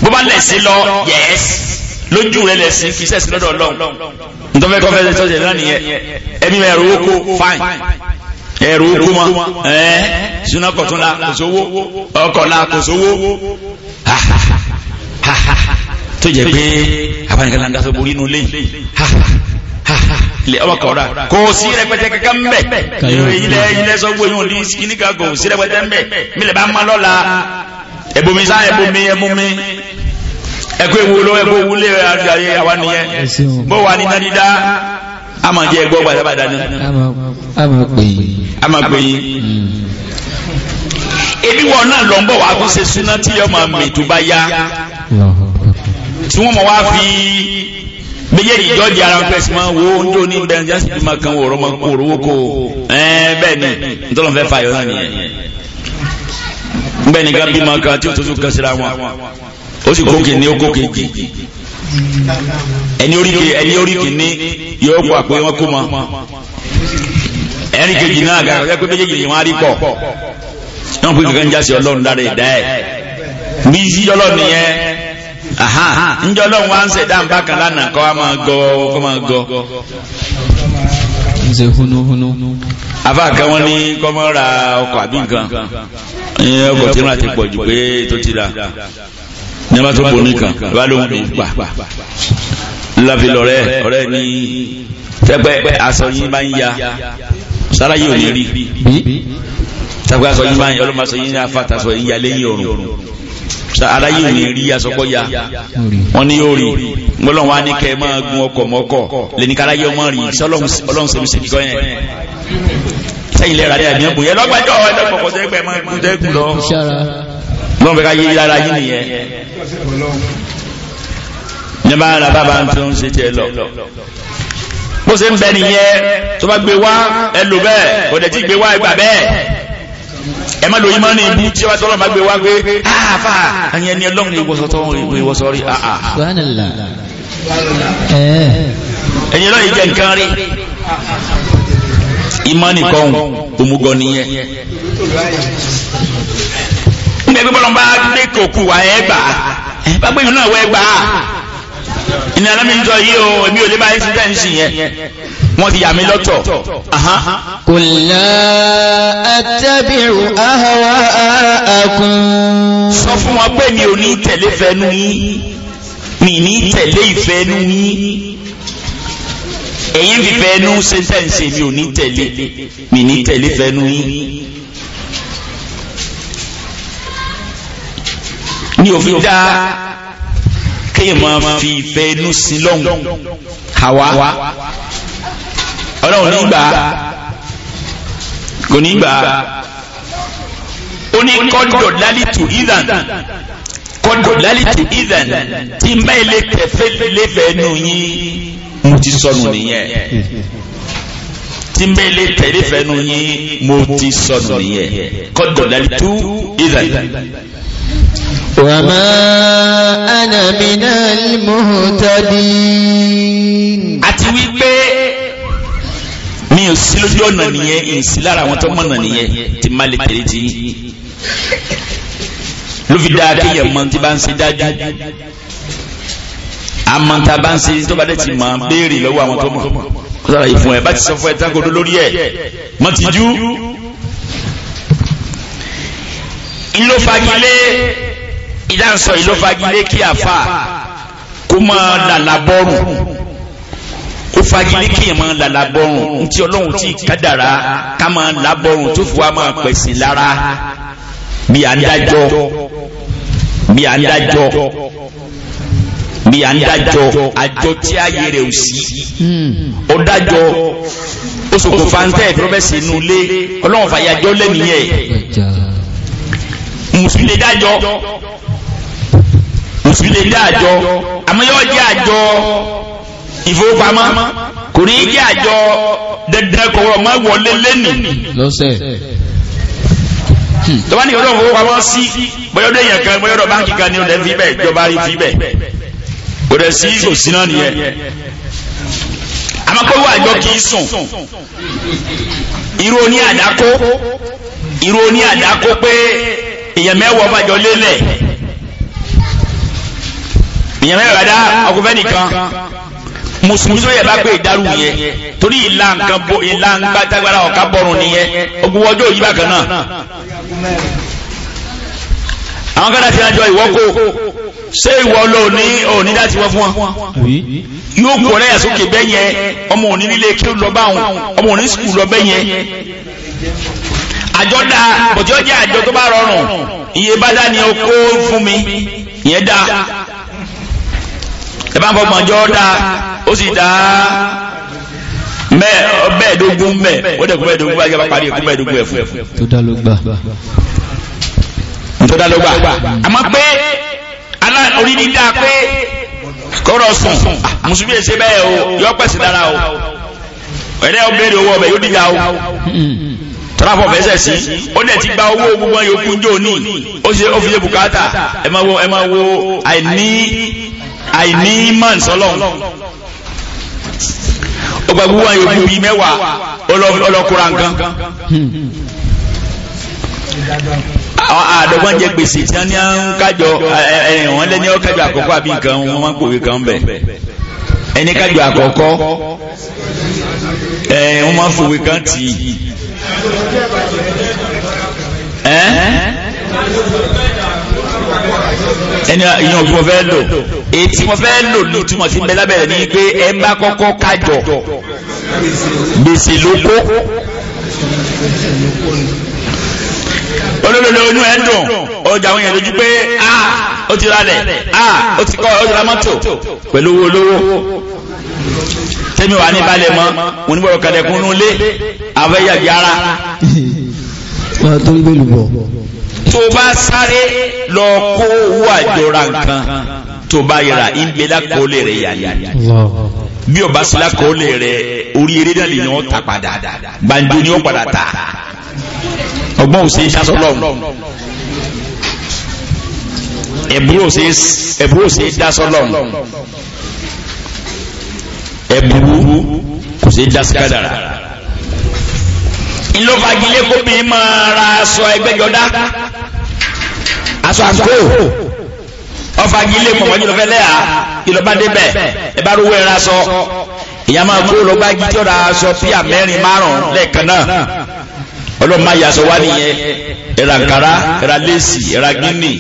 bó bá lẹ̀sìn lọ yẹ́s lójú rẹ lẹ̀sìn kì í sẹ̀sìn lọ́dọ̀ ọlọ́run ntọ́fẹ́ kọ́fẹ́ ṣe tọ́jú ẹ̀rọ nìyẹn ẹ̀mí ẹ̀rọ oko fine ẹ̀rọ oko ma ẹ̀ suna kọ̀tún la kò sówó ọkọ̀ la kò sówó tó jẹ́ pé abánikẹ́lá ń dá borí inú lẹ́yìn ọmọ kọ̀ọ̀dá kò sí rẹpẹtẹ kankan mbẹ ilẹ̀ ilẹ̀ sọ́gbó yóò ní kíní kan kò sí rẹpẹtẹ mbẹ mílẹ̀ bá má lọ́la ẹ̀bùnmi sá ẹ̀bùnmi ẹ̀bùnmi ẹ̀kú ewúlo ẹ̀kú ewúlé ayé àwa nìyẹn bó wà ní nàdídá a máa jẹ ẹgbọ́ gbàdá bàdá náà a máa pè yín ebi náà lọ ń bọ̀ wá kó ṣe súná tí ọmọ mi tó bá yá tí wọ́n mọ̀ wá fi méjèèjì jọ́ọ̀dì ara pẹ́ sí máa wo oúnjẹ ní bẹ́ẹ̀ jásí bí máa kan òrò máa kó òrówó kó bẹ́ẹ̀ ni ntọ́lọ́ fẹ́ fàyọ náà nìyẹn bẹ́ẹ̀ nìkan bí máa kan tí ó tó tún kan síra wọn ó sì kókè ní ó kókè jì ẹni oríkè ẹni oríkè ní yóò kó àpò wọn kó ma ẹni kejì náà gàrà ọjọ́ pé méjèèjì yìí wọ́n á rí pọ̀ náà pé kankan jásí ọlọ́run dára ìdá ẹ̀ bí sí ọlọ́run nìyẹn njẹ́ ọlọ́run wá ń ṣẹ̀dá ń bákan lánàá kọ́ wa máa gọ kọ́ máa gọ. ṣe húnúhúnú. afa kan wọn ní kọ́ mọ́ ra ọkọ̀ àbí nǹkan ọkọ̀ tí wọn ti pọ̀ jù pé tó ti rà ní a bá tó bọ̀ nìkan bá lóun ní gbà láfi lọ́rẹ́ ọ̀rẹ́ ní tẹ́pẹ́ aṣọ yín bá ń ya sára yìí ò ní rí sàgbà sọ yín báyìí ọlọ́mà sọ yín ní afáta sọ yín yalé yín ọ̀run ara yìí ò ní rí asọ́pọ̀ ya wọ́n ní yóò rí gbọ́dọ̀ wọn á ní kẹ́ ẹ máa gun ọkọ̀ mọ́kọ̀ lẹ́ni kára yẹ ọmọ rí sọ ọlọ́run sọ mi sì kọ́ yẹn sẹ́yìn lẹ́ra rẹ̀ àmì ọkùnrin ẹlọ́gbàjọ́ ẹlọ́gbọ̀kọ̀ tẹ́gbẹ̀ máa gùn tẹ́gùn lọ lọ́n fẹ́ ká yé lára yín nìyẹn ní bá ba bàbá tó ń ṣe tiẹ̀ lọ bó ṣe ń bẹ nìyẹn tó bá gbé wá ẹlò bẹ́ẹ̀ ọ̀dẹ̀ tí gbé wá ẹgbà bẹ́ẹ̀ ẹ má lóyún mọ́ ní ibú tí wọ́n tọ́lọ́ máa gbé wá gbé ah, àfà àyẹn ni ah, ah. ọlọ́run ní ìwọ̀sọ̀ tó ń rí ìwọ̀sọ̀ rí àà. ẹ̀yin lọ́yìn jẹ́ nǹkan rí ìmánì kan òmùgọ̀ nìyẹn ń bẹ́ẹ̀ gbọ́dọ̀ bá dé kòkù wá ẹgbàá bá gbẹ̀yìn náà wọ ẹgbàá ìní alámìjọ yìí o èmi ò lè báyìí sí tẹ́ǹsì yẹn wọ́n ti yà mí lọ́tọ̀ kò látẹ́bìrù ahọ́wà àkùn sọ fún wọn pé mi ò ní tẹ̀lé fẹ́nu yín mi ní tẹ̀lé ìfẹ́nu yín èyí fi ṣe tẹ́ǹsì mi ò ní tẹ̀lé mi ní tẹ̀lé fẹ́nu yín ní òfin dáa kéèyàn máa fi ìfẹ́ inú sí lọ́hùn àwa ọlọ́run nígbà kò nígbà ó ní kọ́ńdọ̀ lálítù ìdàn kọ́ńdọ̀ lálítù ìdàn tí mẹ́ẹ̀lẹ́ tẹ̀fẹ́ lẹ́fẹ̀ẹ́ nù yín mo ti sọnù nìyẹn tí mẹ́lẹ̀ tẹ̀lé fẹ́nu yín mo ti sọnù nìyẹn kọ́dọ̀ lálítú ìdàn وما أنا من المهتدين mi ò sí lójú ọ̀nà nìyẹn ìsí lára àwọn tó mọ̀nà nìyẹn ti má lè tẹ̀lé ti yín ló fi dáa kéèyàn mọ tí bá ń ṣe dájú àmọ́ tá a bá ń ṣe tó bá dẹ̀ ti mọ̀ béèrè lọ́wọ́ àwọn tó mọ̀ kó sára ìfún ẹ̀ bá ti sọ fún ẹ̀ tán lórí ẹ̀ mọ́ ti jú ńlọ fagilé ìdánsọ yìí ló fagilé kí àfa kó máa làlàbọ́rùn ó fagilé kí èèyàn máa làlàbọ́rùn ntí ọlọ́run tí kádàrá ká máa làbọ́rùn tó fi wá máa pẹ̀sìn lára bí à ń dájọ́ bí à bí à àjọ tí ayé rẹ̀ ò sí ó dájọ́ ó ṣokùnfà ń tẹ́ inú ilé ọlọ́run fàyàjọ́ lẹ́nìí yẹn mùsùlùmí dájọ́ mùsùlùmí lè jẹ́ àjọ àmọ́ yóò jẹ́ àjọ ìfowópamọ́ kò ní jẹ́ àjọ dandan kọ̀wọ́ má wọlé lẹ́nu. lọ́sẹ̀. tọ́ba ní ọdún ìfowópamọ́ sí bọ́yọ̀dọ̀ èèyàn kan bọ́yọ̀dọ̀ báńkì kan ní ọdẹ fi bẹ́ẹ̀ jọba rí fi bẹ́ẹ̀ kò dẹ̀ sí kò sí nìyẹn. àmọ́ kọ́wọ́ àjọ kì í sùn irú oní àdákó irú oní àdákó pé èèyàn mẹ́wọ́ bàjọ́ lélẹ̀ ìyẹn mẹ́rin rádá ọkùnfẹ́ nìkan mùsùlùmí ló yẹ bá pé ìdárú yẹn torí ìlà nǹkan bo ìlà nǹkan tágbára ọ̀ká bọ̀rùn nìyẹn ogun ọjọ́ òyìnbó bákan náà àwọn kan láti rájọ ìwọ́ kó ṣé ìwọ ló ní òní láti wọ́n fún wọn yóò kó rẹ̀ sókè bẹ́ẹ̀ yẹn ọmọ òní nílé kí ó lọ bá òun ọmọ òní sùkúù lọ bẹ́ẹ̀ yẹn àjọ dáa bọ̀tí ó àjọ tó bá rọrùn iye bá dá ni ó kó fún mi ìyẹn dáa ẹ bá ń fọgbọ́n jọ da ó sì dá mẹ́ẹ̀ẹ́dógún mẹ́ẹ̀ ó dẹ̀kú mẹ́ẹ̀ẹ́dógún bá yẹba parí ẹ̀kú mẹ́ẹ̀ẹ́dógún ẹ̀ fún ẹ̀. tó dá ló gbà. tó dá ló gbà àmọ́ pé orí ní dáa pé kọ́rọ̀ sùn ah, mùsùlùmí ẹ̀ ṣe bẹ́ẹ̀ o yọ pẹ̀sì dára o ẹ̀rẹ́ ọ béèrè owó ọbẹ̀ yóò dìyà o tọ́láfọ̀ fẹ́sẹ̀ sí ó dẹ̀ ti gba owó gbogbo yòókù jò ó fi ṣe bùkátà ẹ máa wo àìní àìní imán sọ́lọ́run ọgbà gbúwà yóò bí mẹ́wàá ọlọ́kùnra nǹkan àwọn àdọ́gbọ́n jẹ gbèsè tí wọ́n ní kájọ wọ́n lé ní kájọ àkọ́kọ́ àbí nǹkan wọ́n máa ń pòwe kan bẹ̀ ẹni kájọ àkọ́kọ́ wọ́n máa ń fòwe kan tì í ẹni ìyàn tí mo fẹ́ lò èyí tí mo fẹ́ lò ní tí mo ti bẹ lábẹ́rẹ́ ni pé ẹ bá kọ́kọ́ kájọ gbèsè ló kó olólùlẹ̀ oyún ẹ̀ ń dùn ọjà àwọn èèyàn lójú pé a ó ti ralẹ̀ a ó ti kọ́ ó ti ra mọ́tò pẹ̀lú owó olówó tẹ́mi wà ní balẹ̀ mọ́ mo ní bọ̀rọ̀ kẹlẹ̀kùn nulẹ̀ àfẹ́yàgbé ara. wọ́n á tó ń gbèlú bọ̀ tó bá sáré lọ kó owó àjọra nǹkan tó bá yẹra ìgbé lákòólè rẹ̀ yàyà bí ọba sí lákòólè rẹ̀ orí eré náà lè ní ọ́ ta padà gbàǹjo ni ó padà ta ọgbọ́n ò sí sásọ́lọ́hún ẹ̀bùrú ò sí dásọ́lọ́hún ẹ̀bùrú kò sí dásíkádàrà ńlọ́fagilé kóbìnrin máa ra aṣọ ẹgbẹ́jọdá Aso aso, ọfà gílé pọ̀pọ̀ jùlọ fẹ́ lẹ́yà ìlọba débẹ̀ ẹ bá rówó ẹran aṣọ ìyá máa kó lọ gbági tí ó ra aṣọ bí àmẹ́rin márùn-ún lẹ́ẹ̀kan náà ọlọ́run máa yàṣọ wá nìyẹn ẹ̀rà nkàrà ẹ̀rà lẹ́sì ẹ̀rà gíní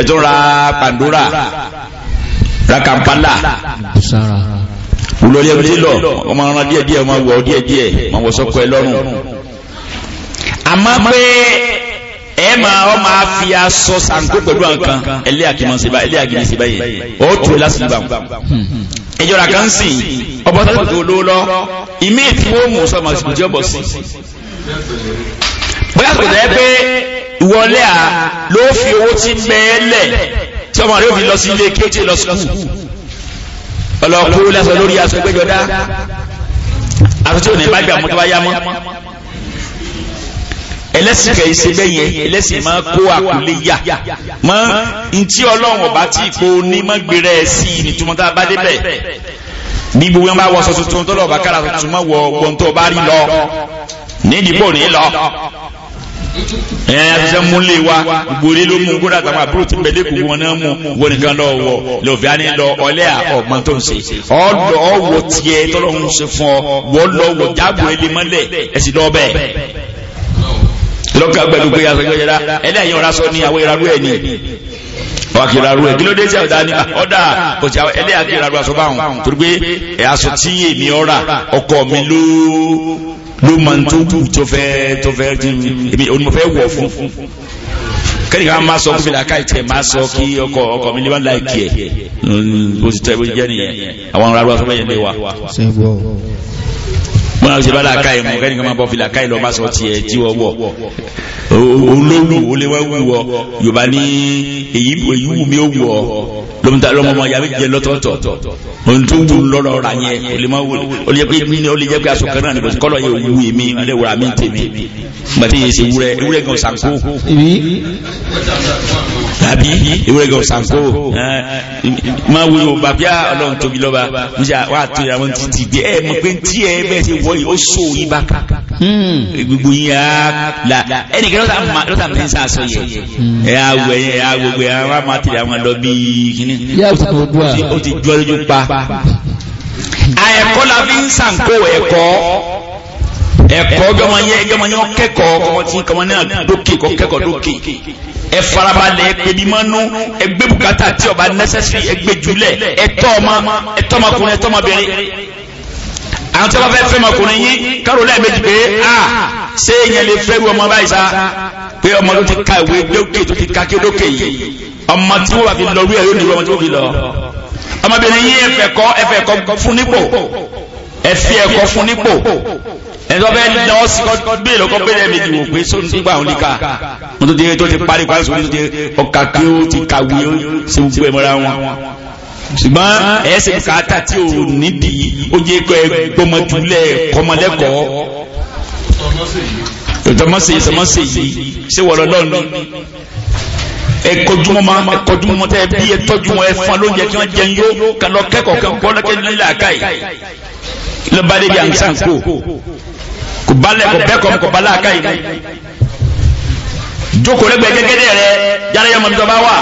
ẹ̀tọ́ ra pandora ra kampala wùlọ díẹ̀ díẹ̀ lọ ọmọ ọ̀ràn díẹ̀ ọmọ wọ̀ díẹ̀ ọmọ wọ̀ sọ́kọ̀ ẹ lọ́rùn àmọ́ pé ẹ máa ọ máa fi aṣọ sàǹkó pẹ̀lú àǹkan ẹlẹ́ àkìmọ̀ síbá ẹlẹ́ àkìmọ̀ síbá yìí ó tù ú lásìkò ìbámu. ìjọra kan sì ọbọ̀ tó tó ló lọ ìmí ètí wọ́n mú sọ́mọ àsìkò jẹ́ ọ̀bọ̀ sí. bóyá kò dẹ́ pé ìwọlé à ló fi owó tí mẹ́ẹ́lẹ̀ tí ọmọ rẹ̀ ó fi lọ sí ilé kéje lọ sùkúù ọlọ́kú lásán lórí aṣọ ìgbẹ́jọ́dá àtúntò ní bá gbà mọ́ tó bá yá mọ́ ẹlẹ́sìn kẹ̀ ṣe bẹ́ẹ̀ yẹn ẹlẹ́sìn máa kó àkúlé yá mọ́ ntí ọlọ́run ọba tí ipò onímọ̀ gbéra ẹ̀ sí i nítumọ̀ tá a bá débẹ̀ bí gbogbo wọn bá wọ sọsọ tuntun tọ́lọ̀ ọba kára tuntun mọ́ wọ ọgbọ́n tó bá rí lọ nídìbò ní lọ ẹ ṣe múlẹ̀ wa gbòòrè ló mú gbọ́dọ̀ àtàwọn àbúrò tí bẹ̀lẹ́ kò wọn náà mú wọn nìkan lọ wọ lọ́ọ̀fẹ́ àní lọ ọlẹ́ ọgbọ́n tó ń ṣe ọ̀dọ̀ ọwọ́ tiẹ̀ tọ́lọ́run ṣe fún ọ wọ́n lọ wọ jágbó ẹlẹ́mọ́lẹ̀ ẹ̀sìn lọ́kàn pẹ̀lú pé aṣọ ìjọba ẹ̀dá ẹ̀yìn ọ̀rá sọ ní àwọn ìrarú ẹ̀ ní wàkì ìrarú ẹ̀ kí ló dé sí ọ̀dà ní ah, ọ̀dà kò sí ẹ̀dá àti ìrarú aṣọ báwọn torí pé ẹ̀ aṣọ tí èmi ọ̀rà ọkọ mi ló ló máa ń tó kù tó fẹ́ tó fẹ́ èmi onímọ̀fẹ́ wọ̀ fún kẹ́ni ká máa sọ fún mi làkà ìtẹ̀ sọ kí ọkọ̀ ọkọ̀ mi lébà láìkì ẹ̀ bó ti tẹ́ bó ti jẹ́ nìyẹn àwọn ará wọn náà ṣe bá làákà yìí mú kẹ́nìkan máa bọ́ fi làákà yìí lọ́ọ́ bá sọ tiẹ̀ tí wọ́n wọ̀ olówó olówó wù wọ yorùbá ní èyí wù mí ó wù ọ lọ́mọta lọ́mọmọ ya bí jẹ lọ́tọ̀ọ̀tọ̀ ohun tó wù lọ́rọ̀ ra yẹn o jẹ́ pé o lè jẹ́ pé aṣọ kan náà ni bọ̀sí kọ́lọ̀ yẹ wù mí o lè mi, mí tèmi gbàtí yẹ ṣe wúrẹ́ ewúrẹ́ gan sanko tàbí ewúrẹ́ gan sanko má wù yóò bàbí ọlọ́run tóbi lọ́ba wà á tó yà wọ́n ti ti dé ẹ̀ mọ̀ pé ntí ẹ bẹ́ẹ̀ ṣe w wọ́n yìí ó so yìí bá ká hmm. gbogbo yìí la ẹnìkan lọ́tà mi ń sá aṣọ yẹ hmm. ẹ á wọ ẹyẹ ẹ á gbogbo ẹ á máa tẹ̀lé àwọn lọ bí kíní ó ti ju ọlójú pa. àẹ̀kọ́ la fi ń sànkó ẹ̀kọ́ ẹ̀kọ́ gbọmọ yẹ gbọmọ yẹ kẹ́kọ̀ọ́ kọmọ tí kọmọ náà dókè kọ kẹ́kọ̀ọ́ dókè ẹ farabalẹ̀ ẹgbẹbi mọnú ẹgbẹ bùkátà tí ó bá necessary ẹgbẹ julẹ ẹtọ àwọn tí wọ́n fẹ́ fẹ́ ọmọkùnrin yín kárò lẹ́ẹ̀mejì pé a ah, ṣé èèyàn lè fẹ́ wú ọmọ báyìí sá pé ọmọ tó ti ka ìwé lókè tó ti ka kí lókè yìí ọmọ tí wọ́n bá fi lọ rú ẹ̀ yóò nílò fi lọ. ọmọbìnrin yín ẹ̀fẹ̀ kọ́ ẹ̀fẹ̀ kọ́ fún nípò ẹ̀fí ẹ̀kọ́ fún nípò ẹ̀tọ́ bẹ́ẹ̀ lọ sí kọ́ gbé lọ́kọ́ gbé lẹ́mí ìdìbò pé sóun òun níka mo tó ti parí parí ṣùgbọ́n ẹ̀ẹ́sì bùkátà tí ò nídìí ó jẹ́ kọ́ ẹgbọ́mọdúlẹ̀ kọ́mọlẹ́kọ̀ọ́ tọmọsẹ yìí tọmọsẹ yìí ṣé wọ́n lọ́nà ẹkọjúmọ́mọ́ ẹkọjúmọ́mọ́ tẹ́ bí ẹtọ́júmọ́ ẹfọn lóúnjẹ tí wọ́n jẹun yó kálọ kẹ́kọ̀ọ́ kan kọ́ lọ́kẹ́ nílẹ̀ àkáì lọ́bàdé bí àǹsàn kò kò balẹ̀ kò bẹ́kọ̀ kò balẹ̀ àkáì jókòó lẹ́gbẹ̀ẹ́ gẹ́gẹ́dẹ́ rẹ yálẹ́yàmọ́ mi tọ́ bá wà.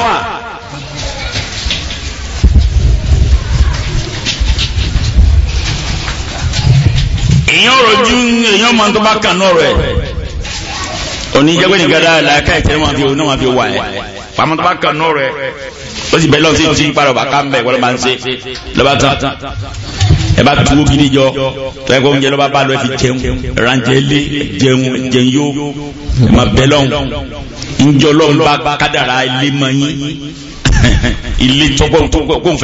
èyàn rojú èyàn máa tó bá kàn náà rẹ̀ òní jẹ́gbẹ́ nìkan dára láàká ìtẹ́ máa fi òun náà máa fi wà ẹ̀ pàmò tó bá kàn náà rẹ̀ ó sì bẹ́ẹ̀ lọ́wọ́ sí ti ń parọ̀ bàká ń bẹ̀ wọ́n máa ń ṣe lọ́ba tán ẹ bá tuwó gidi jọ tọ́ ẹgbẹ́ oúnjẹ lọ́ba bá lọ ẹ fi jẹun ránjẹ lé jẹun jẹun yó ẹ máa bẹ́ lọ́hùn ńjọ lọ́hùn bá kádàrá ilé mọ́ yín ilé tọ́gbọ́n tó kóun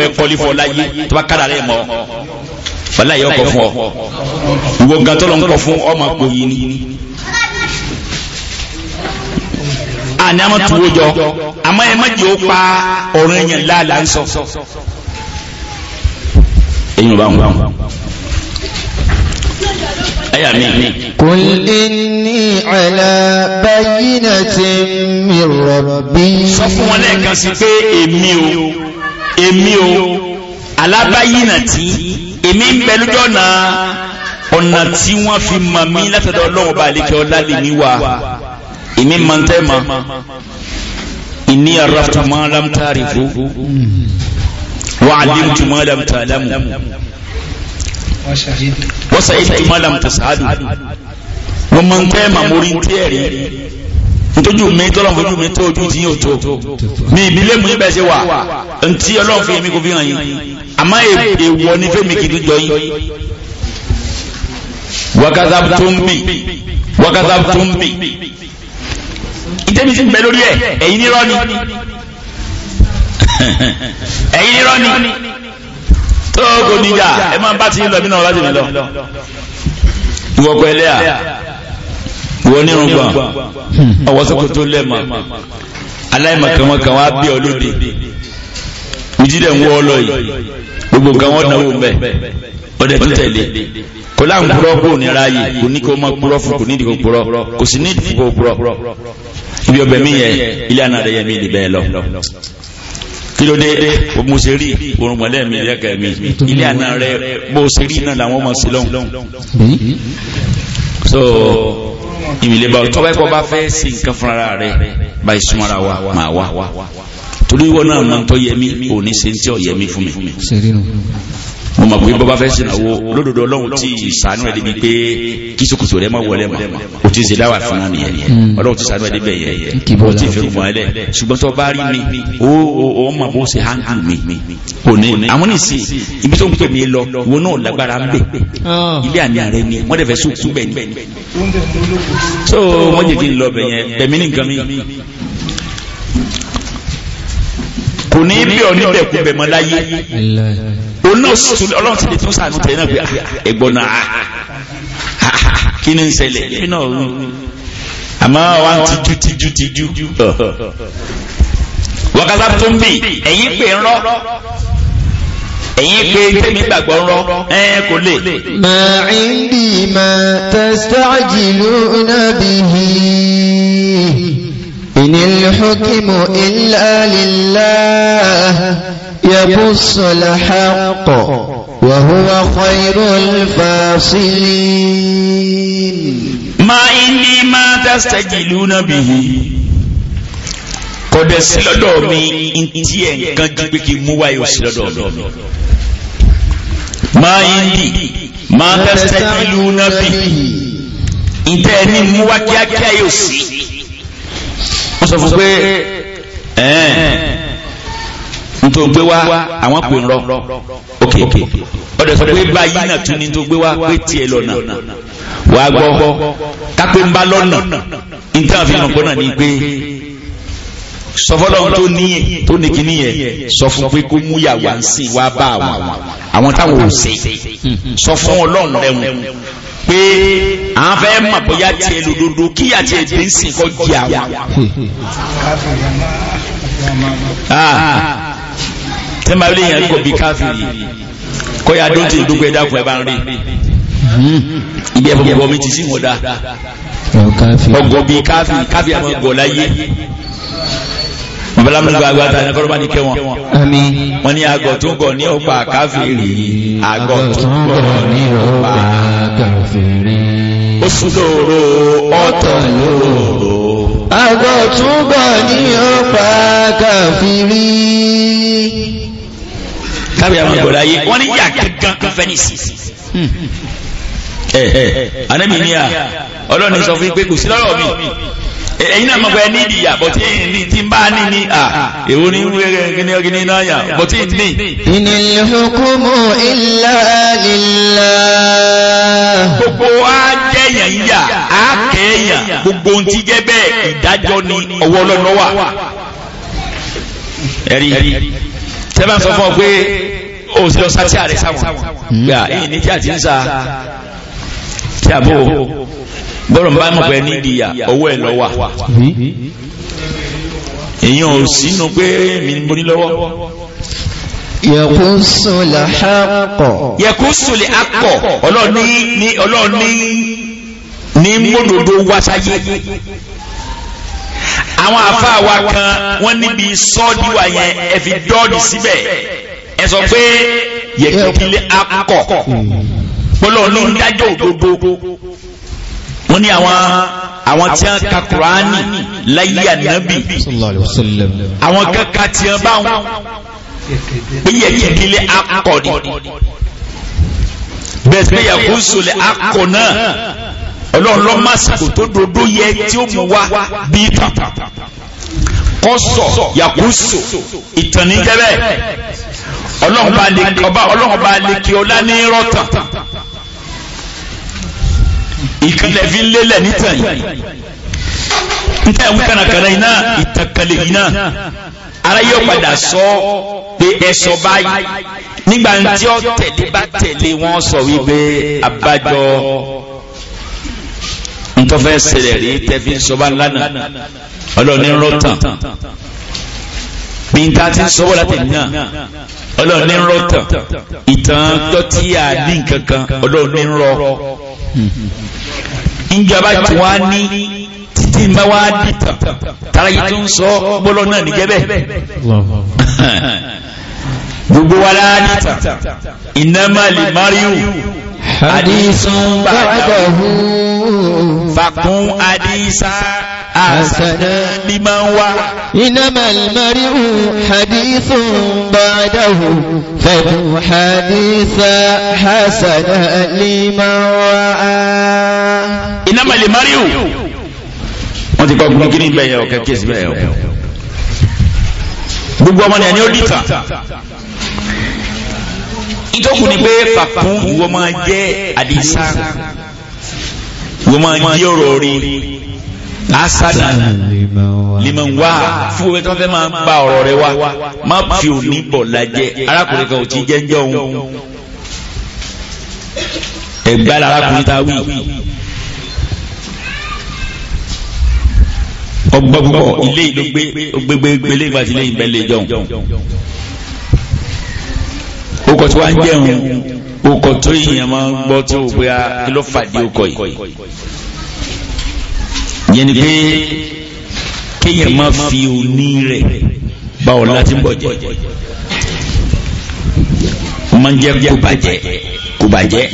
wàlá yẹ ọkọ̀ fún ọ ìwọ gan tọ́lọ̀ ń kọ fún ọmọ àpò yìí ni àní àmọ́ tó wójọ àmọ́ ẹ má jẹ́ ó pa ọ̀rọ̀ ẹ̀yàn láàlá ń sọ ẹ̀yìn ọba àwọn Aya mi. Kul inni ala bayyinatin min rabbi. Sọ fún wọn lẹ́ẹ̀kan sí o, èmi o, alábáyínà tí èmi ń bẹ lójú ọ̀nà ọ̀nà tí wọ́n fi mọ̀ mí látọ̀dọ̀ ọlọ́run bá àlekẹ́ ọlá lè mí wá èmi máa ń tẹ́ mọ́ ìní àràfùtù máa lám fún wà á lé tù máa lám wọ́n sàyẹ́ tù máa lám tàṣáàdù wọ́n máa ń mórí ń ntójú mi tọ́lọ̀ fojú mi tó ojú tiyín òtó mi ìbílẹ̀ mú ibẹ̀ ṣe wà ntí ọlọ́run fi mi kò fi hàn yín àmọ́ èèwọ̀ ni fẹ́mi kì í dújọ yín wákàtà tó ń bì wákàtà tó ń bì ìtẹ́mi sì lórí ẹ̀ ẹ̀yin nírọ́ ni ẹ̀yin nírọ́ ni tó kò níjà ẹ máa bá ti lọ mí náà láti mi lọ ìwọ̀pọ̀ ẹlẹ́yà wọ́n ní rúgbà ọwọ́ sọ́kò tó lẹ́ẹ̀mà aláìmọ̀kànmọ́kàn wá bí ọlódì ìjídẹ̀ ń wọ́ ọlọ́ yìí gbogbo nǹkan wọ́n náwó mẹ́ ọdẹ tó tẹ̀lé kò láà ń purọ́ kò ní ráyè kò ní kò mọ́ purọ́ fún kò ní ìdìbò purọ́ kò sí ní ìdìbò purọ́ ibi ọbẹ̀ mi yẹ ilé àná rẹ̀ yẹ mi ìdìbẹ̀ lọ kí ló dé mo ṣe rí orun mọ̀lẹ́ mi lẹ́kẹ̀ẹ́ mi ilé àná rẹ̀ bó ṣe rí náà làwọn ọmọ sí lọ́hùn so ìmìlẹ̀ bá tọ́ bá kọ́ bá fẹ́ sí nǹkan fúnra rẹ̀ bá ìsúnmọ́ra wa máa wá torí wọn náà máa tọ́ yẹmí òní ṣe tí ọ̀ yẹmí fún mi mo mọ̀ pé bọ́bá fẹ́ sìnàwó lódodo ọlọ́run tí ìsànú ẹ̀ débi pé kìsùkùsù rẹ̀ máa wọlé mọ̀ o ti ṣe dáwà fún mi yẹn hmm. ọlọ́run ti sànú ẹ̀ débẹ̀ yẹn o ti fi mọ̀ ẹlẹ̀ ṣùgbọ́n tó bá rí mi ó ó mọ̀ bó ṣe hángù mi kò ní àwọn nìsín ibi tó ń pè mí lọ wo náà lágbára ń bẹ̀ ah. ilé àmì ààrẹ ni wọ́n dẹ̀ fẹ́ sùn bẹ̀ ni so wọ́n jẹ́ kí n lọ bẹ̀ yẹn bẹ̀mí nìkan mi kò ní bí ọ níbẹ̀ kú bẹ̀ mọ́ láyé ọlọ́run ti lè tún sàánú tẹ̀ náà pé ah, ẹ̀gbọ́n náà ah, ah, kí ni ń ṣẹlẹ̀ àmọ́ wa ń tijú tijú tijú wákàtí tó ń bì ẹ̀yìn pè ń rọ́ ẹ̀yìn pé tẹ́mi gbàgbọ́ rọ ẹ́ẹ̀ kò lè. ma indi ma tasta'jiluna bihi. إن الحكم إلا لله يبص الحق وهو خير الفاصلين ما إني ما تستجلون به kọ̀dẹ̀ sí lọ́dọ̀ mi n tí ẹ̀ nǹkan ju pé kí n mú wáyé sí lọ́dọ̀ mi. máa ń dì máa tẹ́sẹ̀ ìlú náà bì ń tẹ́ ẹ ní mú wá kíákíá yóò sí sọ fún pé ẹ̀ẹ́n nítorí gbé wá àwọn pè ń rọ ok ọdẹ sọ pé báyìí náà tún ní tó gbé wá pé tiẹ̀ lọ́nà wàá gbọ́ kápẹ́ ń bá lọ́nà níta fi hàn gbọ́nà ni pé sọfọlọ́n tó ní tó ní kíní yẹ sọ fún pé kó mú yà wá ń sìn wá bá àwọn àwọn táwọn ò sè sọ fún ọlọ́run rẹ̀ pé àwọn fẹ́ mọ̀ bóyá tiẹ̀ lòdòdó kí àti ẹ̀dẹ́ ń sìn kọ́ jẹ àwọn. tẹ́ máa lè bí káfíìrì kọ́ ya dóńtì ìdógún ẹ̀dá fún ẹ bá ń rí ibi ẹ̀fọ́ gbọ́ mi ti sí wọn dá ọgọ́ bí káfíìrì káfíìrì àwọn ọgọ́ láyé babaláwo agbata ní kọ́lọ́bá ní kẹwọn wọ́n ní àgọ̀ tó ń gọ̀ ní ọ̀pá káfíìrì àgọ̀ tó ń gọ̀ ní ọ̀pá káfíìrì ó ṣòro ọ̀tọ̀ lóòrò àgọ̀ tó ń gọ̀ ní ọ̀pá káfíìrì kábíyà máa ẹ̀yin náà mọ̀ pé ní ìdìyà bọ̀ tí ní tí ń bá ní ní à èrò ní wẹ́rẹ́ gíní ọgíní náà yà bọ̀ ní. Inil hukumu illa lillah. gbogbo wa jẹ́ yàn yíyà á kẹ́yàn gbogbo ohun tí jẹ́ bẹ́ẹ̀ ìdájọ́ ni ọwọ́ ọlọ́nà wà. ẹ̀rí sẹ́fà sọ fún ọ pé o sì lọ sá tí sáwọn gbà èyí ní tí a ti ń sa tí a bò ó bọ́rọ̀ bá mọ̀ pẹ́ nídìí yà owó ẹ̀ lọ́wà èyàn ò sínú pé mi ní mo ní lọ́wọ́ yẹ̀kúnsùlẹ̀ akọ̀ yẹ̀kúnsùlẹ̀ akọ̀ ọlọ́ọ̀ni ní mọ́dòdó wáṣáyé àwọn àfáà wa kan wọ́n níbi sọ́ọ́díwà yẹn ẹ̀fì dọ́ọ̀dì síbẹ̀ ẹ sọ pé yẹ̀kúnsùlẹ̀ akọ̀ pọ́lọ́ọ̀ni ń dájọ́ òdodo wọ́n ní àwọn àwọn tí wọ́n ka kùránì láyé ànábì àwọn kankan tí wọ́n bá wọn iye kékeré akọ̀dì bẹ́ẹ̀ sí yàgò sọlẹ̀ akọ̀ náà ọlọ́run lọ́ máa sàkó tó dodo yẹ tí ó mú wá bí tàpá kọ́sọ̀ yàkúsù ìtànníjẹ́bẹ̀ ọlọ́run bá lè kí ọlá ní rọ́tàn ìkànnì fi ń lélẹ̀ nítàn yìí nítàn ìwé kànàkànà iná ìtàkàlẹ̀ iná ara yóò padà sọ pé ẹ sọ báyìí nígbà tí ó tẹ̀lé bá tẹ̀lé wọn sọ wípé abájọ ntọ́fẹ́ ṣẹlẹ̀ rí tẹ́fí sọba lánàá ọlọ́ọ̀ni rọ́tàn bí ti sọ́wọ́ láti náà ọlọ́ọ̀ni rọ́tàn ìtàn tó tí a ní nǹkan rọ́ ìjọba tí wá ní títí bá wá dìtàn tara yìí tó ń sọ gbọ́lọ́ náà ní gẹ́bẹ̀ gbogbo wa láà dìtàn ìnámà lè máríù bàbá fakún hadisa àṣàdá ní máa إنما wá. حديث بعده hadithun حديث fẹ̀dù haditha àṣàdá إنما máa ń wá. innamal mari'u wọ́n ti kọ́ gbogbo kí ní bẹ̀yẹ̀ ọ̀kẹ́ kí èsì bẹ̀yẹ̀ ọ̀kẹ́ gbogbo ọmọ nìyẹn ni ó dìtà ìjọkù ni pé fàkún ìwọ máa jẹ́ àdìsá ìwọ máa jẹ́ ọ̀rọ̀ rí asana liman wa fún gbogbo tó fẹ́ máa ń gba ọ̀rọ̀ rẹ wa má fi òní bọ̀ lajẹ arákùnrin kan ò tí jẹ́ ń jẹ́ òun ẹ̀gbá arákùnrin ta wí ọgbọ́ púpọ̀ ilé ìlú gbégbégbé lè gbà sí ilé ìbẹ̀ lè jọun okọ̀ tí wá ń jẹun okọ̀ tó ìyẹn máa ń gbọ́ tó bóyá ah, kí ló fàdí okọ̀ yìí yẹn ni pé kéèyàn má fi òní rẹ̀ bá ọ̀ láti bọ̀ jẹ́ máa ń jẹ́ kó bàjẹ́ kò bàjẹ́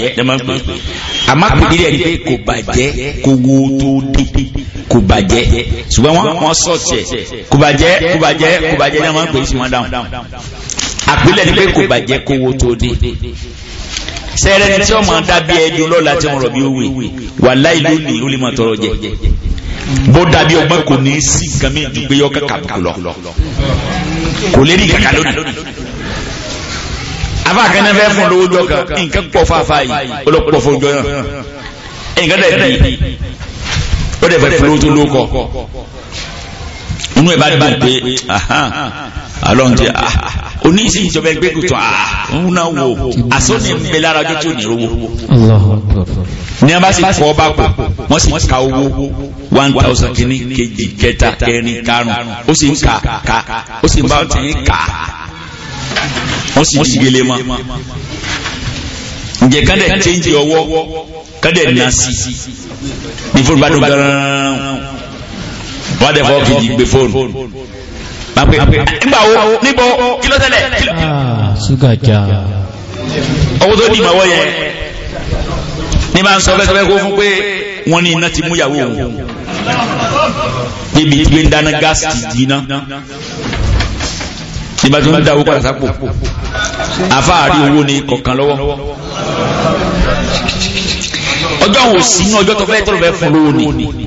àmọ́ pèdí rẹ̀ ni pé kò bàjẹ́ kò wo tó dé kò bàjẹ́ ṣùgbọ́n wọ́n wọ́n sọ̀ tiẹ̀ kò bàjẹ́ kò bàjẹ́ kò bàjẹ́ náà wọ́n pè é sí wọn dáhùn àpilẹ̀ ni pé kò bàjẹ́ kò wo tó dé sẹ́rẹ́ tí wọ́n máa dábìá ẹni ọlọ́lá tí wọ́n rọ̀ bí ó wà láì lónìí ó jẹ bó dàbí ọgbọ́n kò ní í sí nǹkan mi ju pé yọ kàkà bùkù lọ kò lè rí kàkà lónìí afa kẹ́ni fẹ́ fún lówó jọ kan nǹkan pọ̀ fáfá yìí olóòpọ̀ fún jọ náà nǹkan dẹ̀ bí ó dẹ̀ fẹ́ fún lówó tó lówó kọ inú ẹ̀ bá dùn pé alọ́n ti ah oníṣì ìjọba ẹgbẹ́ kùtù ah ń náà wo àsọ́ni ń bẹ lára ọjọ́ tí ò ní rówó ní a bá sì fọ́ bá pò wọ́n sì ka owó one thousand kìíní kejì kẹta kẹrin karùn ó ka, ń kà kà ó sì ń bá ọtí ń kà wọ́n sì gele mọ́ ǹjẹ́ kádẹ̀ chẹ́ǹjì ọwọ́ kádẹ̀ nà sí ní fóònù bá dùn gbọ́n wọ́n á dẹ̀ fọ́ kejì gbé fóònù pàpẹ́ nígbàwó níbo kí ló tẹ́lẹ̀ ah, ṣúgàjá owó tó ní ìmọ̀wọ́ yẹn ní máa ń sọ fẹ́sọ́fẹ́ kó fún pé wọ́n ní iná ti mú ìyàwó òun níbi ìgbé ń dáná gáàsì ti dìíná nígbà tí wọ́n dá owó padà sápò àfáàrí owó ní kọ̀ọ̀kan lọ́wọ́ ọjọ́ òsì ní ọjọ́ tó fẹ́ tó fẹ́ fún lówó ni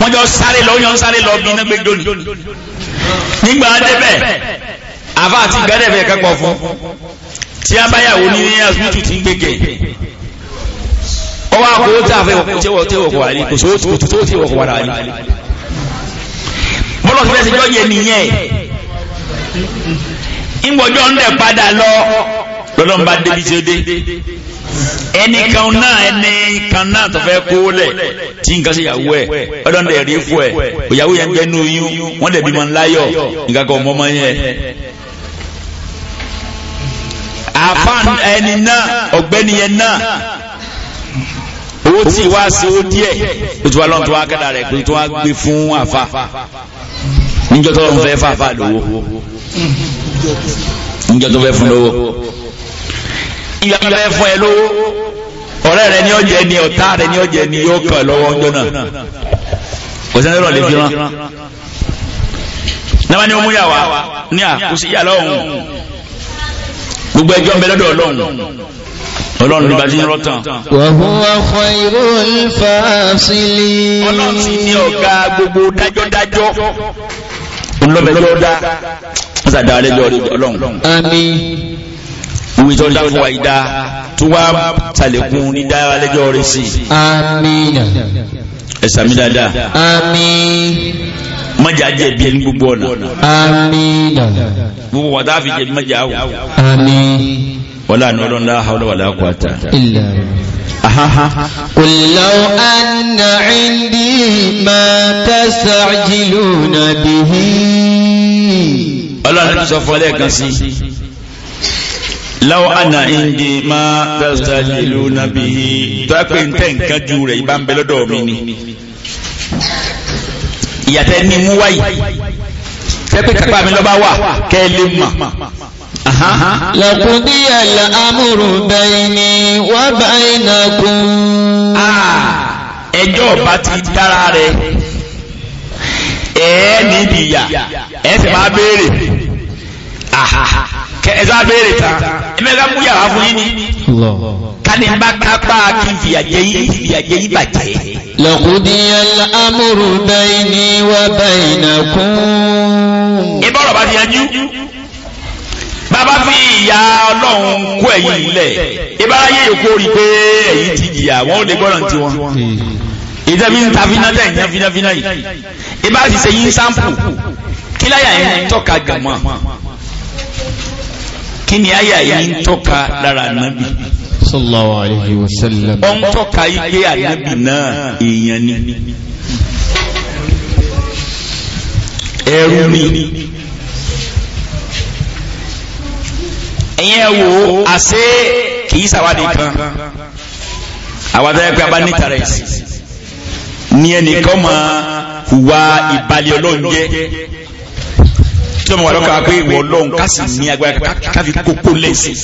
wọ́n jọ sáré lọ yọ́n sáré lọ bí iná gbé jóni nígbà débẹ̀ àfa àti gẹ́dẹ̀bẹ̀ kẹ́kọ̀ọ́ fún tí a báyàwó ní asútù ti gbégẹ̀ ọwọ́ àkó tí a fẹ́ tẹ́wọ̀ tẹ́wọ̀ kọ̀ àlè kò sówó tó tó tẹ́wọ̀ kọ̀ wàrà àlè bọ́lọ̀ tó fẹ́ sí lọ́yẹ̀ nìyẹn ìgbọ̀jọ́ ń dẹ̀ padà lọ lọ́lọ́mbà débi tí ó dé ẹnìkan náà ẹnìkan náà tó fẹ́ kó lẹ̀ tí nǹkan ṣe ìyàwó ẹ̀ ọdún lè rí fún ẹ̀ ìyàwó yẹn ń jẹ́ inú oyún wọ́n lè bímọ ńláyọ̀ nǹkan kan ọmọ ọmọ yẹn. àfàn ẹni náà ọ̀gbẹ́ni yẹn náà owó tí wàá sí owó díẹ̀ o tí wàá lọ́n tó wàá kẹ́dà rẹ̀ pé tó wàá gbé fún àfà níjọ́ tó lọ́n fẹ́ fà fà lówó níjọ́ tó fẹ́ fún lówó ìyá fẹ́ fún ẹ lówó ọ̀rẹ́ rẹ ní ọ̀jẹ̀ ni ọ̀tá rẹ ní ọ̀jẹ̀ ni yóò kàn lọ́wọ́ ọjọ́ náà kò sẹ́ni rọ̀ lè fi rán náà ni ó mú yàwá ní àkúsí yà lọ́hùn gbogbo ẹjọ́ ń lọ́dọ̀ ọlọ́run ọlọ́run ní bàjí rọ́tàn wa huwa khairul fasilin ọlọ́run ti ní ọ̀gá gbogbo dájọ́dájọ́ olóbẹ̀jọ́ dá wọ́n ọlọ́run àmín ìwé tó dá fún wa ìdá tó wá tàlẹ̀kùn ní dára lẹ́jọ́ rẹ̀ sí àmìnà ẹ̀sàmì dáadáa àmín mọ́jà jẹ̀bi ẹni gbogbo ọ̀nà àmín gbogbo wọ́n dáàfi jẹ̀bi mọ́jà áwò wọ́lá ní ọlọ́run láhà ọlọ́wàlá àkọ́ta قل لو أن عندي ما تستعجلون به ọlọ́run sọ fọ́lẹ́ kan sí láwọ́ àna ìndì máa tẹ́sà ìlú nàbí tọ́pẹ́ ń tẹ́ nǹkan ju rẹ̀ ìbá ń bẹ lọ́dọ̀ mi ni ìyàtẹ́ ní mú wáyì tẹ́pẹ́ kápá mi lọ́ba wà kẹ́ lè mọ̀ لقضي الأمر بيني وبينكم ẹjọ́ bá ti dára rẹ̀ ẹ̀ẹ́ nídìí ìyà ẹ̀ sì máa béèrè ẹ̀sọ́ abẹ́rẹ́ ta ẹ̀mẹ́ka mú yàrá fún yín ni kani bá kápá kí fìyàjẹ́ yìí fìyàjẹ́ yìí bàjẹ́. lọ́kùdíyàn amúrù bẹ́ẹ̀ ni wà bẹ́ẹ̀ nà kún. ìbọ̀rọ̀ bá ti yanjú bàbá fi ìyá ọlọ́run kó ẹ̀yìn ilẹ̀ ìbáráyé yòókù rí pé ẹ̀yìn ti jìyà wọn ò lè gbọ́ràn tiwọn ìdẹ́bí ń ta fínátẹ̀ ìyẹn fínáfíná yìí ìbá ti ṣe sáǹpù kíláyà yẹn tọ́ka gàmọ́ kí ni àyà yìí ń tọ́ka lára ànábì sallallahu alayhi wa sallam ó ń tọ́ka igé ànábì náà èèyàn ni ẹrú ni ẹ̀yẹn wo àṣẹ kìí sàwádìí kan àwọn tó yẹ pé a bá ní tàrẹ́sì ní ẹnìkan máa hùwà ìbàlẹ̀ ọlọ́run jẹ́ tí ọmọ wà lọ́kà pé wọ́n lọ́hùn ká sì ní agbára káfí kókó lẹ́sìn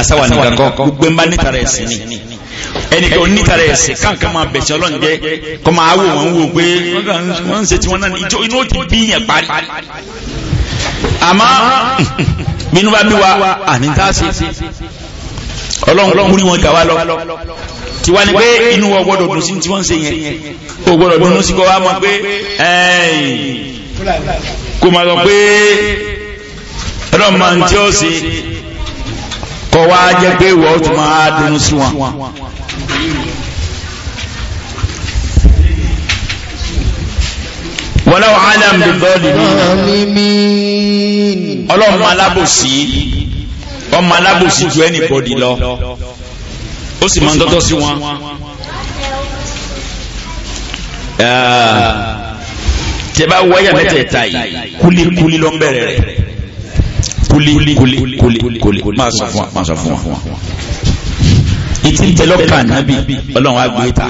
asáwà nìkan kọ́ gbogbo ń bá níta rẹ̀ sí ni ẹnìkan oníta rẹ̀ sí káàkiri máa bẹ̀sẹ̀ ọlọ́run jẹ́ kọ́ máa wò wọ́n wò pé wọ́n ń ṣe tí wọ́n náà ìjọ inú ó ti bí yẹn parí àmọ́ bínú bá bí wa àní tá a ṣe ọlọ́run kúrí wọn gà wá lọ tí wá pé inú wọn gbọ́dọ̀ dùn sí tí wọ́n ń ṣe yẹn ó gbọ́dọ̀ dùn sí kọ́ wá mọ̀ pé ẹ̀ẹ́n kó máa sọ pé rọ́mà tí ó sì kọ wá jẹ́ pé ìwọ̀ ó tún máa dùn sí wọn wọ́lá wàhálà bí bọ́ọ̀lì nínú ọlọ́run alábòsí ọmọ alábòsí ju anybody lọ ó sì máa ń tọ́tọ́ sí wọn. Yeah tẹ́bá wáyà mẹ́tẹ̀ẹ̀ta yìí kulikuli ló ń bẹ̀rẹ̀ rẹ̀ kulikuli máa sọ fún wa máa sọ fún wa. ìtì tẹlọ́kàn nábì ọlọ́run á gbé ta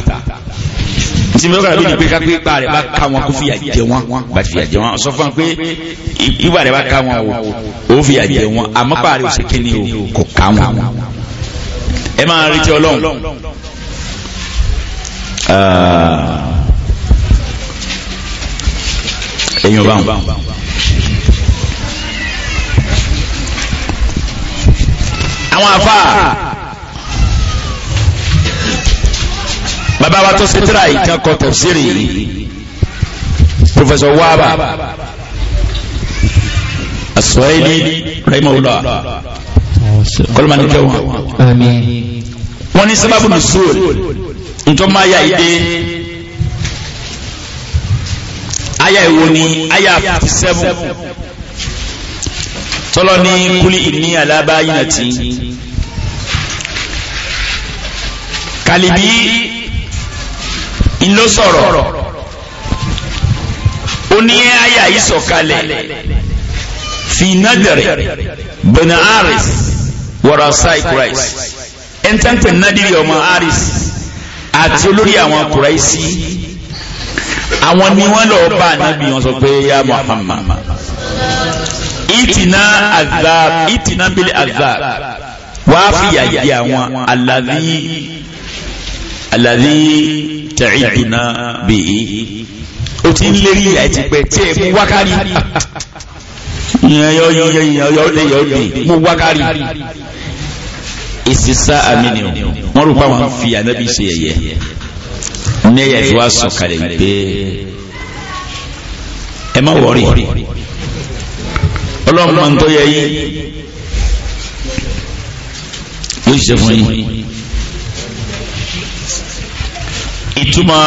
tí mẹ́lọ́kà ló ní pé ká pé ipa rẹ̀ bá ká wọn kó fìyà jẹ wọn bá fìyà jẹ wọn sọ fún wa pé ipa rẹ̀ bá ká wọn o ó fìyà jẹ wọn àmọ́ pa rẹ̀ ò sì kíni o kò ká wọn. ẹ máa retí ọlọ́run. Ah. ẹ̀yìn ọba àwọn àwọn afa bàbá wa tó ṣe tíra ìtàn kọ tẹ̀síìrì Professor Waaba, asọ́ẹ́lì rahimahullah kọlùmọ̀ni kẹwọn wọ́n ní sábàbù nùsùl ntọ́ máa yà ìdè. aya èwo ni aya fifty seven tọ́lọ́ ní kúlí ìní alábáyínàtì kàlìbí Kalibi sọ̀rọ̀ ó ní aya yìí sọ̀kalẹ̀ fi nadiri bin wara warasai kurais ẹntẹ́ntẹ́ nadiri ọmọ aris àti olórí àwọn kuraisi àwọn ni wọ́n lọ bá ànábì wọn sọ pé ya Muhammad Itina azab itina bílẹ̀ azab wàá fìyà jẹ àwọn alladhi alladhi ta'iduna bihi o ti ń lérí ìyá ẹ tí ẹ mú wákàrí mo wákàrí ìsísá àmì ni wọ́n rò pé àwọn fi ànábì ṣe ẹ̀yẹ ní ẹ̀yà ìfúwà sọ̀kalẹ̀ pé ẹ má wọ̀rí ọlọ́run máa ń tó yẹ yín ló ṣiṣẹ́ fún yín ìtumọ̀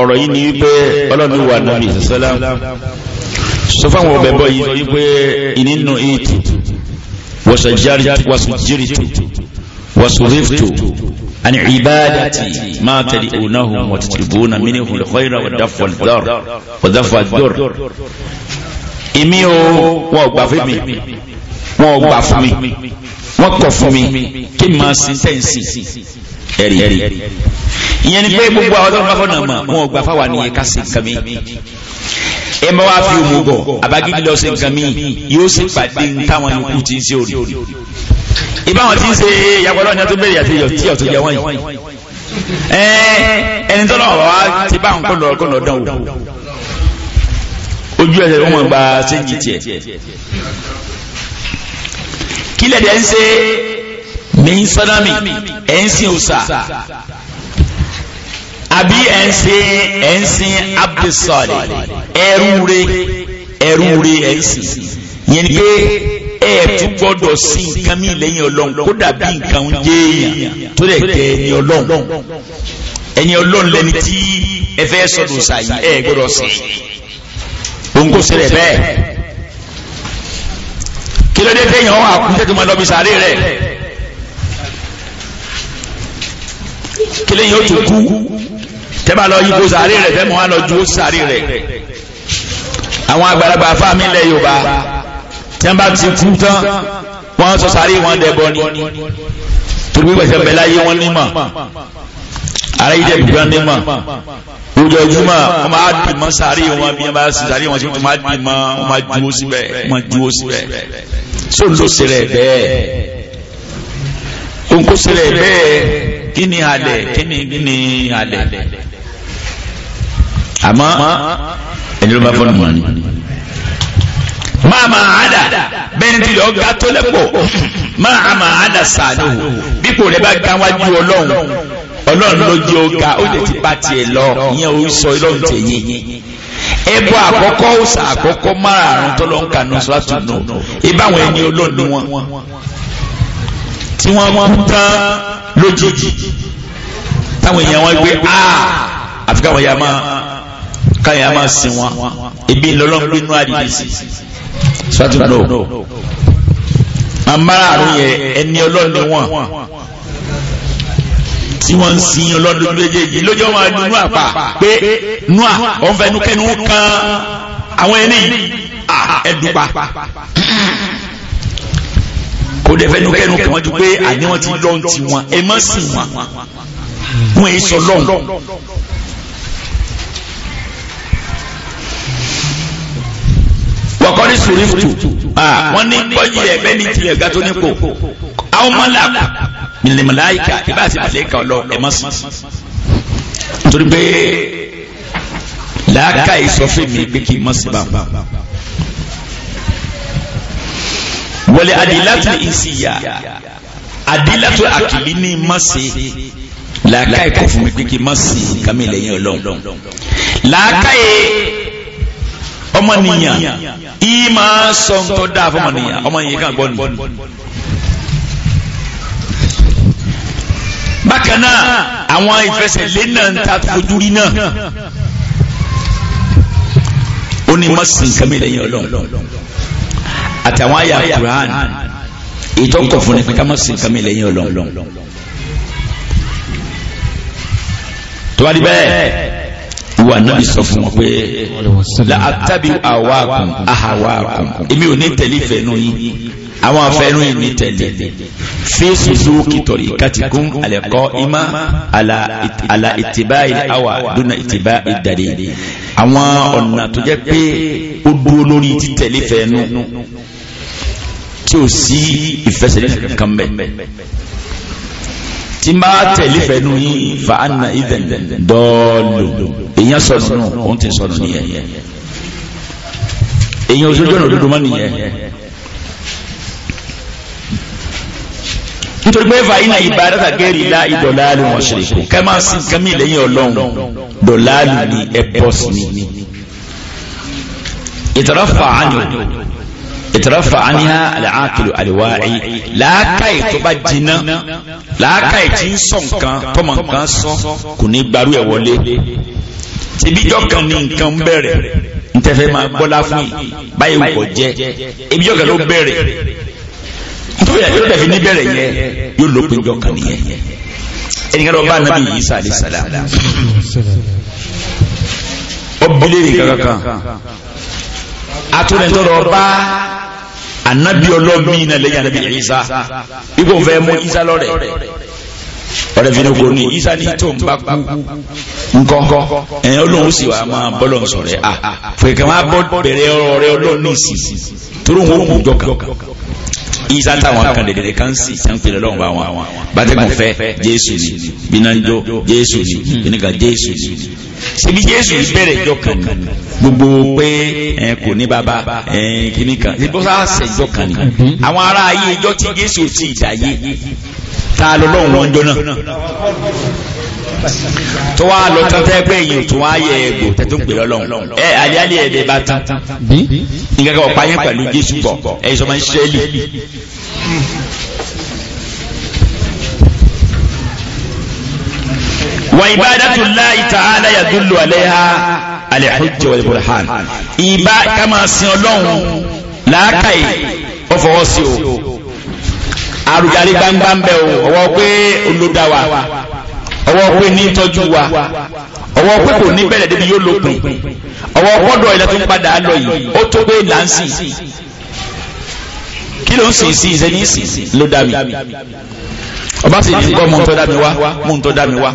ọ̀rọ̀ yìí ni wípé ọlọ́run wà nàbì sọ́lá sọ fáwọn ọbẹ̀ bọ́ yìí wípé ìnínú ìtù wọ́sọ̀ jírí wọ́sọ̀ jírí wọ́sọ̀ rífù عن عبادتي ما تدعونهم وتطلبون منه الخير والدفع والضر والدفع الضر èmi o wọn ò gbà fún mi wọn ò gbà fún mi wọn kọ̀ fún mi kí n máa sin sẹ́ǹsì ẹ̀rí ẹ̀rí ìyẹn ni pé gbogbo àwọn ọlọ́run fọ́nà mọ̀ wọn ò gbà fáwa nìyẹn ká sin nǹkan mi ẹ máa wá fi òmùgọ̀ àbágídí lọ sí nǹkan mi yóò sì pàdé nǹkan àwọn yòókù tí ń ṣe òrì ìbáwọn tí ń ṣe ìyàgbọ́dọ̀ ní ọtún bẹ̀rẹ̀ àti ìyọ̀ tí ọ̀tún jẹ wọ́n yìí ẹni tó lọ́wọ́ wá ti bá òun kó lọ kó lọ dán wò ojú ẹsẹ̀ wọn gba séjì tiẹ̀ kílẹ̀ dẹ̀ ń ṣe ní sọ́dámì ẹ̀ ń sin òòṣà àbí ẹ̀ ń sin ẹ̀ ń sin abdulsọ̀lẹ̀ ẹ̀rù re ẹ̀rù re ẹ̀ ń sin yẹn ni pé ẹ̀ tún gbọ́dọ̀ sí nǹkan mi lẹ́yìn ọlọ́run kó dàbí nǹkan ń jẹ́ èèyàn tó lẹ̀ jẹ́ ẹni ọlọ́run ẹni ọlọ́run lẹni tí ẹ fẹ́ sọ̀rọ̀ sàyí ẹ gbọ́dọ̀ sí òun kò sílẹ̀ bẹ́ẹ̀ kí ló dé téèyàn wà kún tètè mọ́ lọ́bi sàárè rẹ̀ kí lẹ́yìn ó tún kú tẹ́bà lọ yípo sàárè rẹ̀ fẹ́ mọ́ wá lọ ju ó sàárè rẹ̀ àwọn àgbàlagbà fáàmì ilẹ̀ Yorùbá tí wọ́n bá ti kú tán wọ́n sọ sáré wọn dẹ̀bọ ni torí pẹ̀sẹ̀ bẹ̀lá yé wọn nímọ̀ ara yìí dẹ̀bí gan nímọ̀ ojoojúmọ́ wọ́n máa dì mọ́ sáré wọn bí wọ́n bá sì sáré wọn sí wọ́n máa dì mọ́ wọ́n máa dúró síbẹ̀ wọ́n dúró síbẹ̀ so ló ṣe bẹ́ẹ̀ òǹkó ṣe bẹ́ẹ̀ kí ni alẹ̀ kí ni kí ni alẹ̀ àmọ́ ẹni ló bá fọ́ nù wọn máa máa àdà bẹ́ẹ̀ni tí lọ́ọ́ ga tó lẹ́pọ̀ máa máa àdà sàánù bípò rẹ̀ bá ga wájú ọlọ́run ọlọ́run ló jẹ́ ọ̀gá ó lè ti bá tiẹ̀ lọ ìyẹn ò sọ ọlọ́run tẹ̀yìn ẹbọ àkọ́kọ́ ọ̀sà àkọ́kọ́ márààrún tó lọ́n kà nù sọ́tù nù ìbáwọn ẹni olóòní wọn tí wọ́n tán lójijì táwọn èèyàn wọn gbé a àfikà wọn yà máa káyà máa sìn wọn ebi lọ́lọ́gbé nú àdìdì sí sọ́tún náà amárààrún yẹ ẹni ọlọ́run ni wọ́n tí wọ́n ń sin ọlọ́run méjèèjì lójó wọn adùn nú àpà pé nú à wọn fẹ́ nu kẹ́nu kan àwọn ẹni ẹ̀dùpà kò dẹ̀ fẹ́ nu kẹ́nu kan wọ́n ju pé àní wọ́n ti lọ́n wọn ẹ má sìn wọn wọn èso lọ́n. ní sùúrùtù wọ́n ní gbọ́yì ah, ẹ̀gbẹ́ ní tiẹ̀ ga tó nípò àwọn mọ́láàkà mìlìmọ̀láìkà ìbá àti màlẹ́kà ọlọ ẹ̀mọ́ sí. torí pé làákà ìsọfún mi pé kí n mọ̀ sí bàbá. wọlé adìlátù ìsìyà adìlátù àkìlí ní mọ̀ sí làákà ìkọ̀ fún mi pé kí n mọ̀ sí kàmí lẹ́yìn ọlọ́run làákà yìí ọmọnìyàn yìí máa sọ tó dáa fọmọnìyàn ọmọnìyàn kan gbọ́ ni. bákan náà àwọn ìfẹsẹ̀lé náà ń ta fojú rí náà ó ní mọ́sìn kẹ́mi lẹ́yìn ọlọ́run àtàwọn àyà Quran ìtọ́kọ̀ fún ẹ̀ka mọ́sìn kẹ́mi lẹ́yìn ọlọ́run tó bá di bẹ́ẹ̀ ìwà náà sọ fún wọn pé látàbí àwákùn àhàwákùn èmi ò ní tẹ̀lé fẹ́nu yín àwọn afẹ́nu yìí ní tẹ̀lé fèsì zókì tọ̀rì kàtìkún àlẹ́kọ́ ìmá àlà ìtìbá àwà dúnà ìtìbá ìdàrí àwọn ọ̀nà tó jẹ́ pé ó dúró lórí títẹ̀lé fẹ́nu tí ò sí ìfẹsẹ̀lẹ́sẹ̀ kankan bẹ́ẹ̀ tí n bá tẹ̀lé fẹ́nu yín fa anna idhan dọ́ọ̀lù èèyàn sọnù nù òun ti sọnù nìyẹn èèyàn òṣèlú ọ̀nà òdodo mọ́ nìyẹn nítorí pé fa iná ibà dáta gẹ́rì ilá ìdọ̀láàlù wọn ṣe kò kẹ́ máa sin kẹ́mí lẹ́yìn ọlọ́run dọ̀láàlù ni ẹ̀pọ̀ sí ni ìtàràfà ánìyàn ìtàràfà àníhà àlàákìlò àlèwáì làákàì tó bá jiná làákàì tí ń sọ nǹkan tọmọ nǹkan sọ kò ní gbarú ẹ wọlé tìbíjọ kan ní nǹkan bẹ̀rẹ̀ ntẹfẹ máa gbọlá fún yìí báyìí wọ jẹ ebíjọ kan ló bẹ̀rẹ̀ nítorí àti lọ́dẹ̀ fi ní bẹ̀rẹ̀ yẹn yóò lópin jọ kan nìyẹn ẹnìkan lọ bá nàbí yìí sàlẹ̀ sàlẹ̀ ọbẹ̀ lè rìn atúrẹ́ntọ́rọ̀ bá anabi ọlọ́mí iná lẹ́yìn anabi Isa ipò fẹ́ mú Isa lọ́rẹ̀ ọ̀rẹ́ fi ni kò ní Isa ní tó ń bá kú nkọ́kọ́ ẹ̀yìn olóhùn sì wà máa bọ́lọ̀ sọ̀rẹ́ à fèkè máa bọ́ bẹ̀rẹ̀ ọ̀rọ̀ rẹ ọlọ́run ní ìsì torí òun òun jọ kan Isa táwọn kan dẹ̀dẹ̀ kan sì sànpẹ̀ lọ́wọ́ bá wọn bàtẹ́kùn fẹ́ Jésù ni bínájọ́ Jésù ni bínájọ́ Jésù ni ṣebí jésù bẹ̀rẹ̀ ìjọkan ni gbogbo pé ẹ kò ní bàbá ẹ kìíní kan ṣebí ó sáàsẹ̀ ìjọkan ni àwọn ará ayé ìjọ tí jésù ti ìdáyé ta lọ́lọ́run wọn jọ náà tó wá lọ tán tẹ́ pé èyàn tó wá yẹ ẹgbò tẹ́ tó ń pè lọ́lọ́run ẹ àlẹ́ ẹ̀dẹ̀ bá tán ìgbàgbọ́ pààyàn pẹ̀lú jésù pọ̀ ẹ̀ sọmọ ìṣẹ́lì wa ibadatu llahi ta'ala yadullu alayha alihujja wal burhan ìbá kama sin Ọlọ́hun làákàyè ó fọwọ́ sí o àrùjáde gbangba ń bẹ o ọwọ́ pé olódà wa ọwọ́ pé ní tọ́jú wa ọwọ́ pé kò ní bẹ̀rẹ̀ débi yóò lópin ọwọ́ pọ́dọ̀ ilẹ̀ tó ń padà lọ yìí ó tó pé láǹsì kí ló ń sìn sí ìṣẹ́ ní ló dá mi ọba sì ní kọ́ mú ntọ́ dá mi wá mú ntọ́ dá mi wá.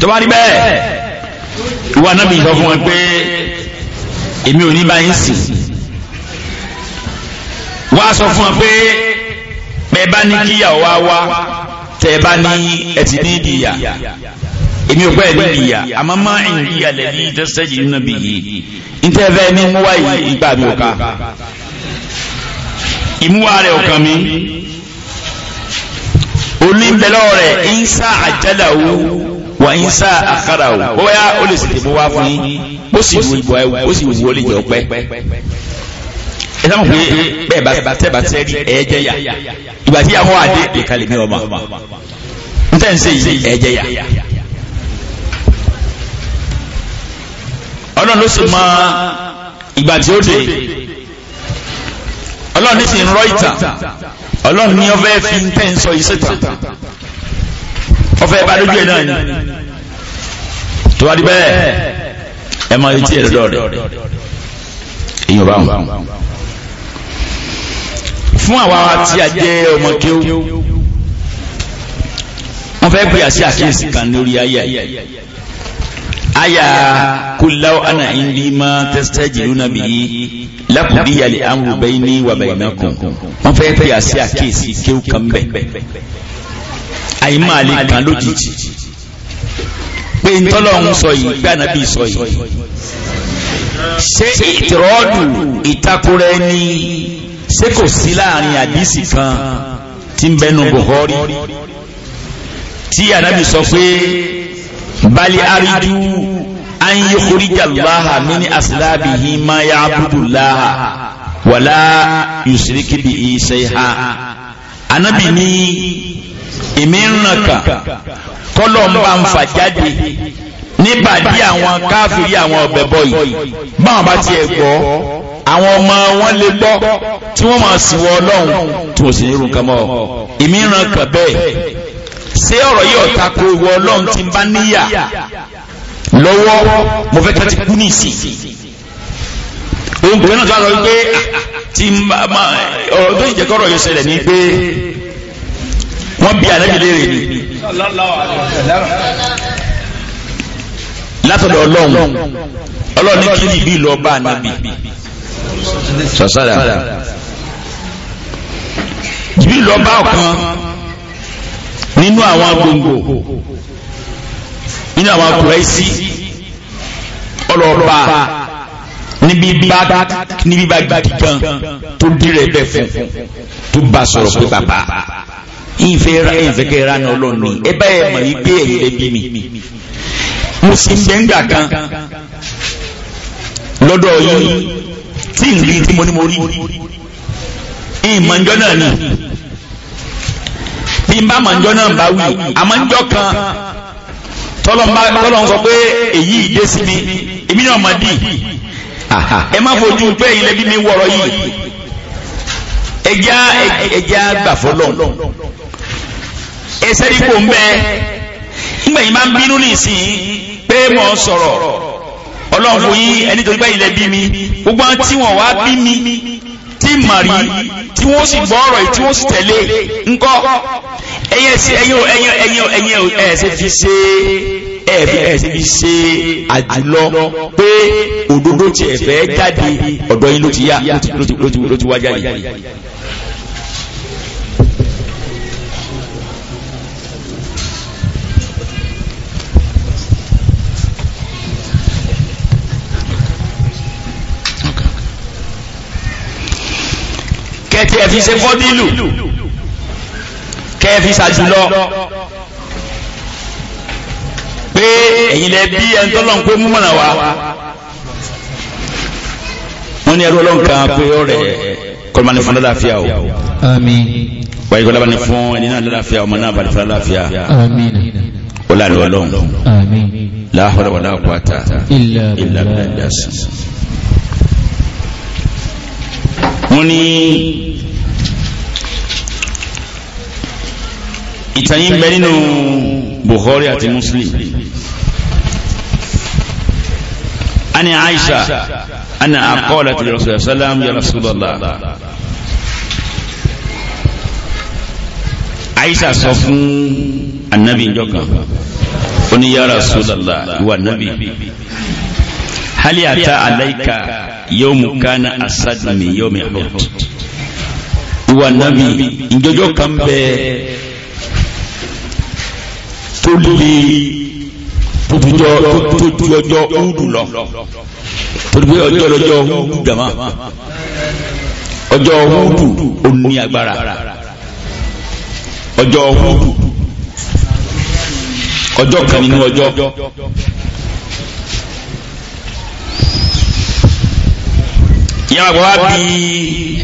tọ́ba rí bẹ́ẹ̀ ìwà náà bí sọ fún wọn pé èmi ò ní báyìí sìn wá sọ fún wọn pé bẹ́ẹ̀ bá ní kíyàwó wá wá tẹ̀ bá ní ẹ̀tì ní ìdìyà èmi ò pẹ́ ẹ̀ níbi ìyá àmọ́ má ìrìn ìyàlẹ̀ ní ìtẹ́sẹ̀jì nínú bí yìí ntẹ́fẹ́ ní múwá yìí ìgbà mi ò ká ìmúwá rẹ̀ ò kàn mí oníbẹ̀lọ́ rẹ̀ ń sá àjálà o wà ń sá àkàrà o bóyá ó lè sì tèmú wá fún yín ó sì wù ìbò ó sì wù ó lè jẹ́ ọpẹ́ ẹ sábà pé bẹ́ẹ̀ bá tẹ́ bá tẹ́ rí ẹ̀ẹ́jẹ̀ yà ìgbà tí àwọn àdé ìkàlẹ̀ mi ọmọ ntẹ́ ń sè yìí ẹ̀ẹ́jẹ̀ yà. ọlọ́run ló sì mọ ìgbà tí ó dé ọlọ́run ní sì ń rọ ìtàn ọlọ́run ní ọfẹ́ fi ń tẹ́ ń sọ iṣẹ́ tà ọfẹ́ bá dójú ẹ̀ náà ni tó wá di ẹ máa retí ẹ̀ lọ́dọ̀ rẹ̀ èyí ò bá wọn fún àwa tí a jẹ́ ọmọ kéwú wọ́n fẹ́ pè àṣẹ àkíyèsí kan lórí ayé ayé aya kulaw ana indi ma tastajiluna bi lakubi yali amru bayni wa baynakum wọ́n fẹ́ pè àṣì àkíyèsí kéwù kan bẹ àyìnbá àlè kan lójijì pé ntọ́lọ́hún sọ yìí gbé ànábì sọ yìí ṣé ìtìrọ́ọ̀dù ìtakora ẹni ṣé kò sí láàrin àdìsí kan tí ń bẹnu Buhari tí ànábì sọ bali aridu an yukhrija Allaha min aslabihi ma ya'budu Allaha wala yusriki bihi shay'a anabi ni èmi ń ràn kà kọ́lọ̀ ń bá ń fà jáde níbàdí àwọn káfírí àwọn ọ̀bẹ bọ̀ yìí báwọn bá tiẹ̀ gbọ́ àwọn ọmọ wọn lè gbọ́ tí wọ́n máa sìn wọ ọlọ́run tí wọ́n sì ní irun kan mọ́ èmi ṣé ọ̀rọ̀ yìí ọ̀ta kó ìwọ ọlọ́run ti bá níyà lọ́wọ́ mo fẹ́ kí wọ́n ti kú ní ìsìn òun kò náà tó wà lọ wípé tí ọ̀rọ̀ tó ìjẹ́kọ̀ ọ̀rọ̀ yóò ṣẹlẹ̀ ní pé wọ́n bí ànábì léèrè ni látọ̀dọ̀ ọlọ́run ọlọ́run ní kí ni bí lọ bá ànábì sọ̀sọ́dà jìbí lọ bá ọ̀kan nínú àwọn gbòǹgbò nínú àwọn kùrẹ́sì ọlọ́ọ̀bà níbi bá níbi bá gbàdí kan tó dìrẹ̀ bẹ̀ fún tó bá sọ̀rọ̀ pé bàbá ìfẹ́ ra ìfẹ́ kẹ́ ra ní ọlọ́ọ̀ni ẹ bá ẹ mọ̀ yí pé ẹ̀yìn rẹ mi mo sì ń gbẹ̀ngà kan lọ́dọ̀ yìí tí n rí tí mo ní mo rí ìmọ̀ njọ́ náà ni tí n bá mọ̀ njọ́ náà bá wí àmọ́ njọ́ kan tọ́lọ́n sọ pé èyí ìdé sí mi èmi náà mọ̀ dì ẹ má fojú pé ilẹ̀ bí mi wọ̀rọ̀ yìí ẹja ẹja gbàfọ́lọ́ ẹsẹ́ ipò ń bẹ nígbà yìí máa ń bínú nìsín pé mo sọ̀rọ̀ ọlọ́run fún yín ẹni tó gbẹ́ ilẹ̀ bí mi gbogbo àwọn tí wọ́n wá bí mi tí màrí tí wọ́n sì gbọ́ ọ̀rọ̀ yìí tí wọ́n sì tẹ̀lé ńkọ́ ẹ̀yẹ sí ẹ̀yìn ẹ̀yìn ẹ̀yìn ẹ̀yìn ẹ̀ẹ́sẹ̀ fi ṣe ẹ̀ẹ́sẹ̀ fi ṣe àjùlọ pé òdodo ti ẹ̀fẹ́ jáde ọ̀dọ̀ yín ló ti yá ló ti wá jáde. kẹtí ẹ fi ṣe fọ́dílù kẹ fi ṣàjùlọ pé ẹ̀yin lẹ bí ẹni tó lọ́n pé mú mọ̀nà wa wọ́n ní ẹrú ọlọ́run kan pé ọ̀rẹ́ kọlọ́mà ní fún lálàáfíà o wáyé kọlọ́mà ní fún ẹni náà lálàáfíà ọmọ náà balẹ̀ fún lálàáfíà ó lálẹ́ ọlọ́run àmín la hawla wala quwwata illa billah wọ́n ní ìtàn yìí ń bẹ nínú Bukhari àti Muslim ani Aisha ana aqalat li Rasulullah sallam ya Rasulullah Aisha sọ fún anabi njọ kan ó ní ya Rasulullah ìwà anabi hali ta alaika yawmu kana asadu min yawmi uhud ìwà nàbì ìjọjọ́ kan bẹ́ẹ̀ tó lè tójújọ tójújọ ọdún lọ torí pé ọjọ́ ọjọ́ ọdún dàmà ọjọ́ ọdún òní agbára ọjọ́ ọdún ìyá àgbà wá bí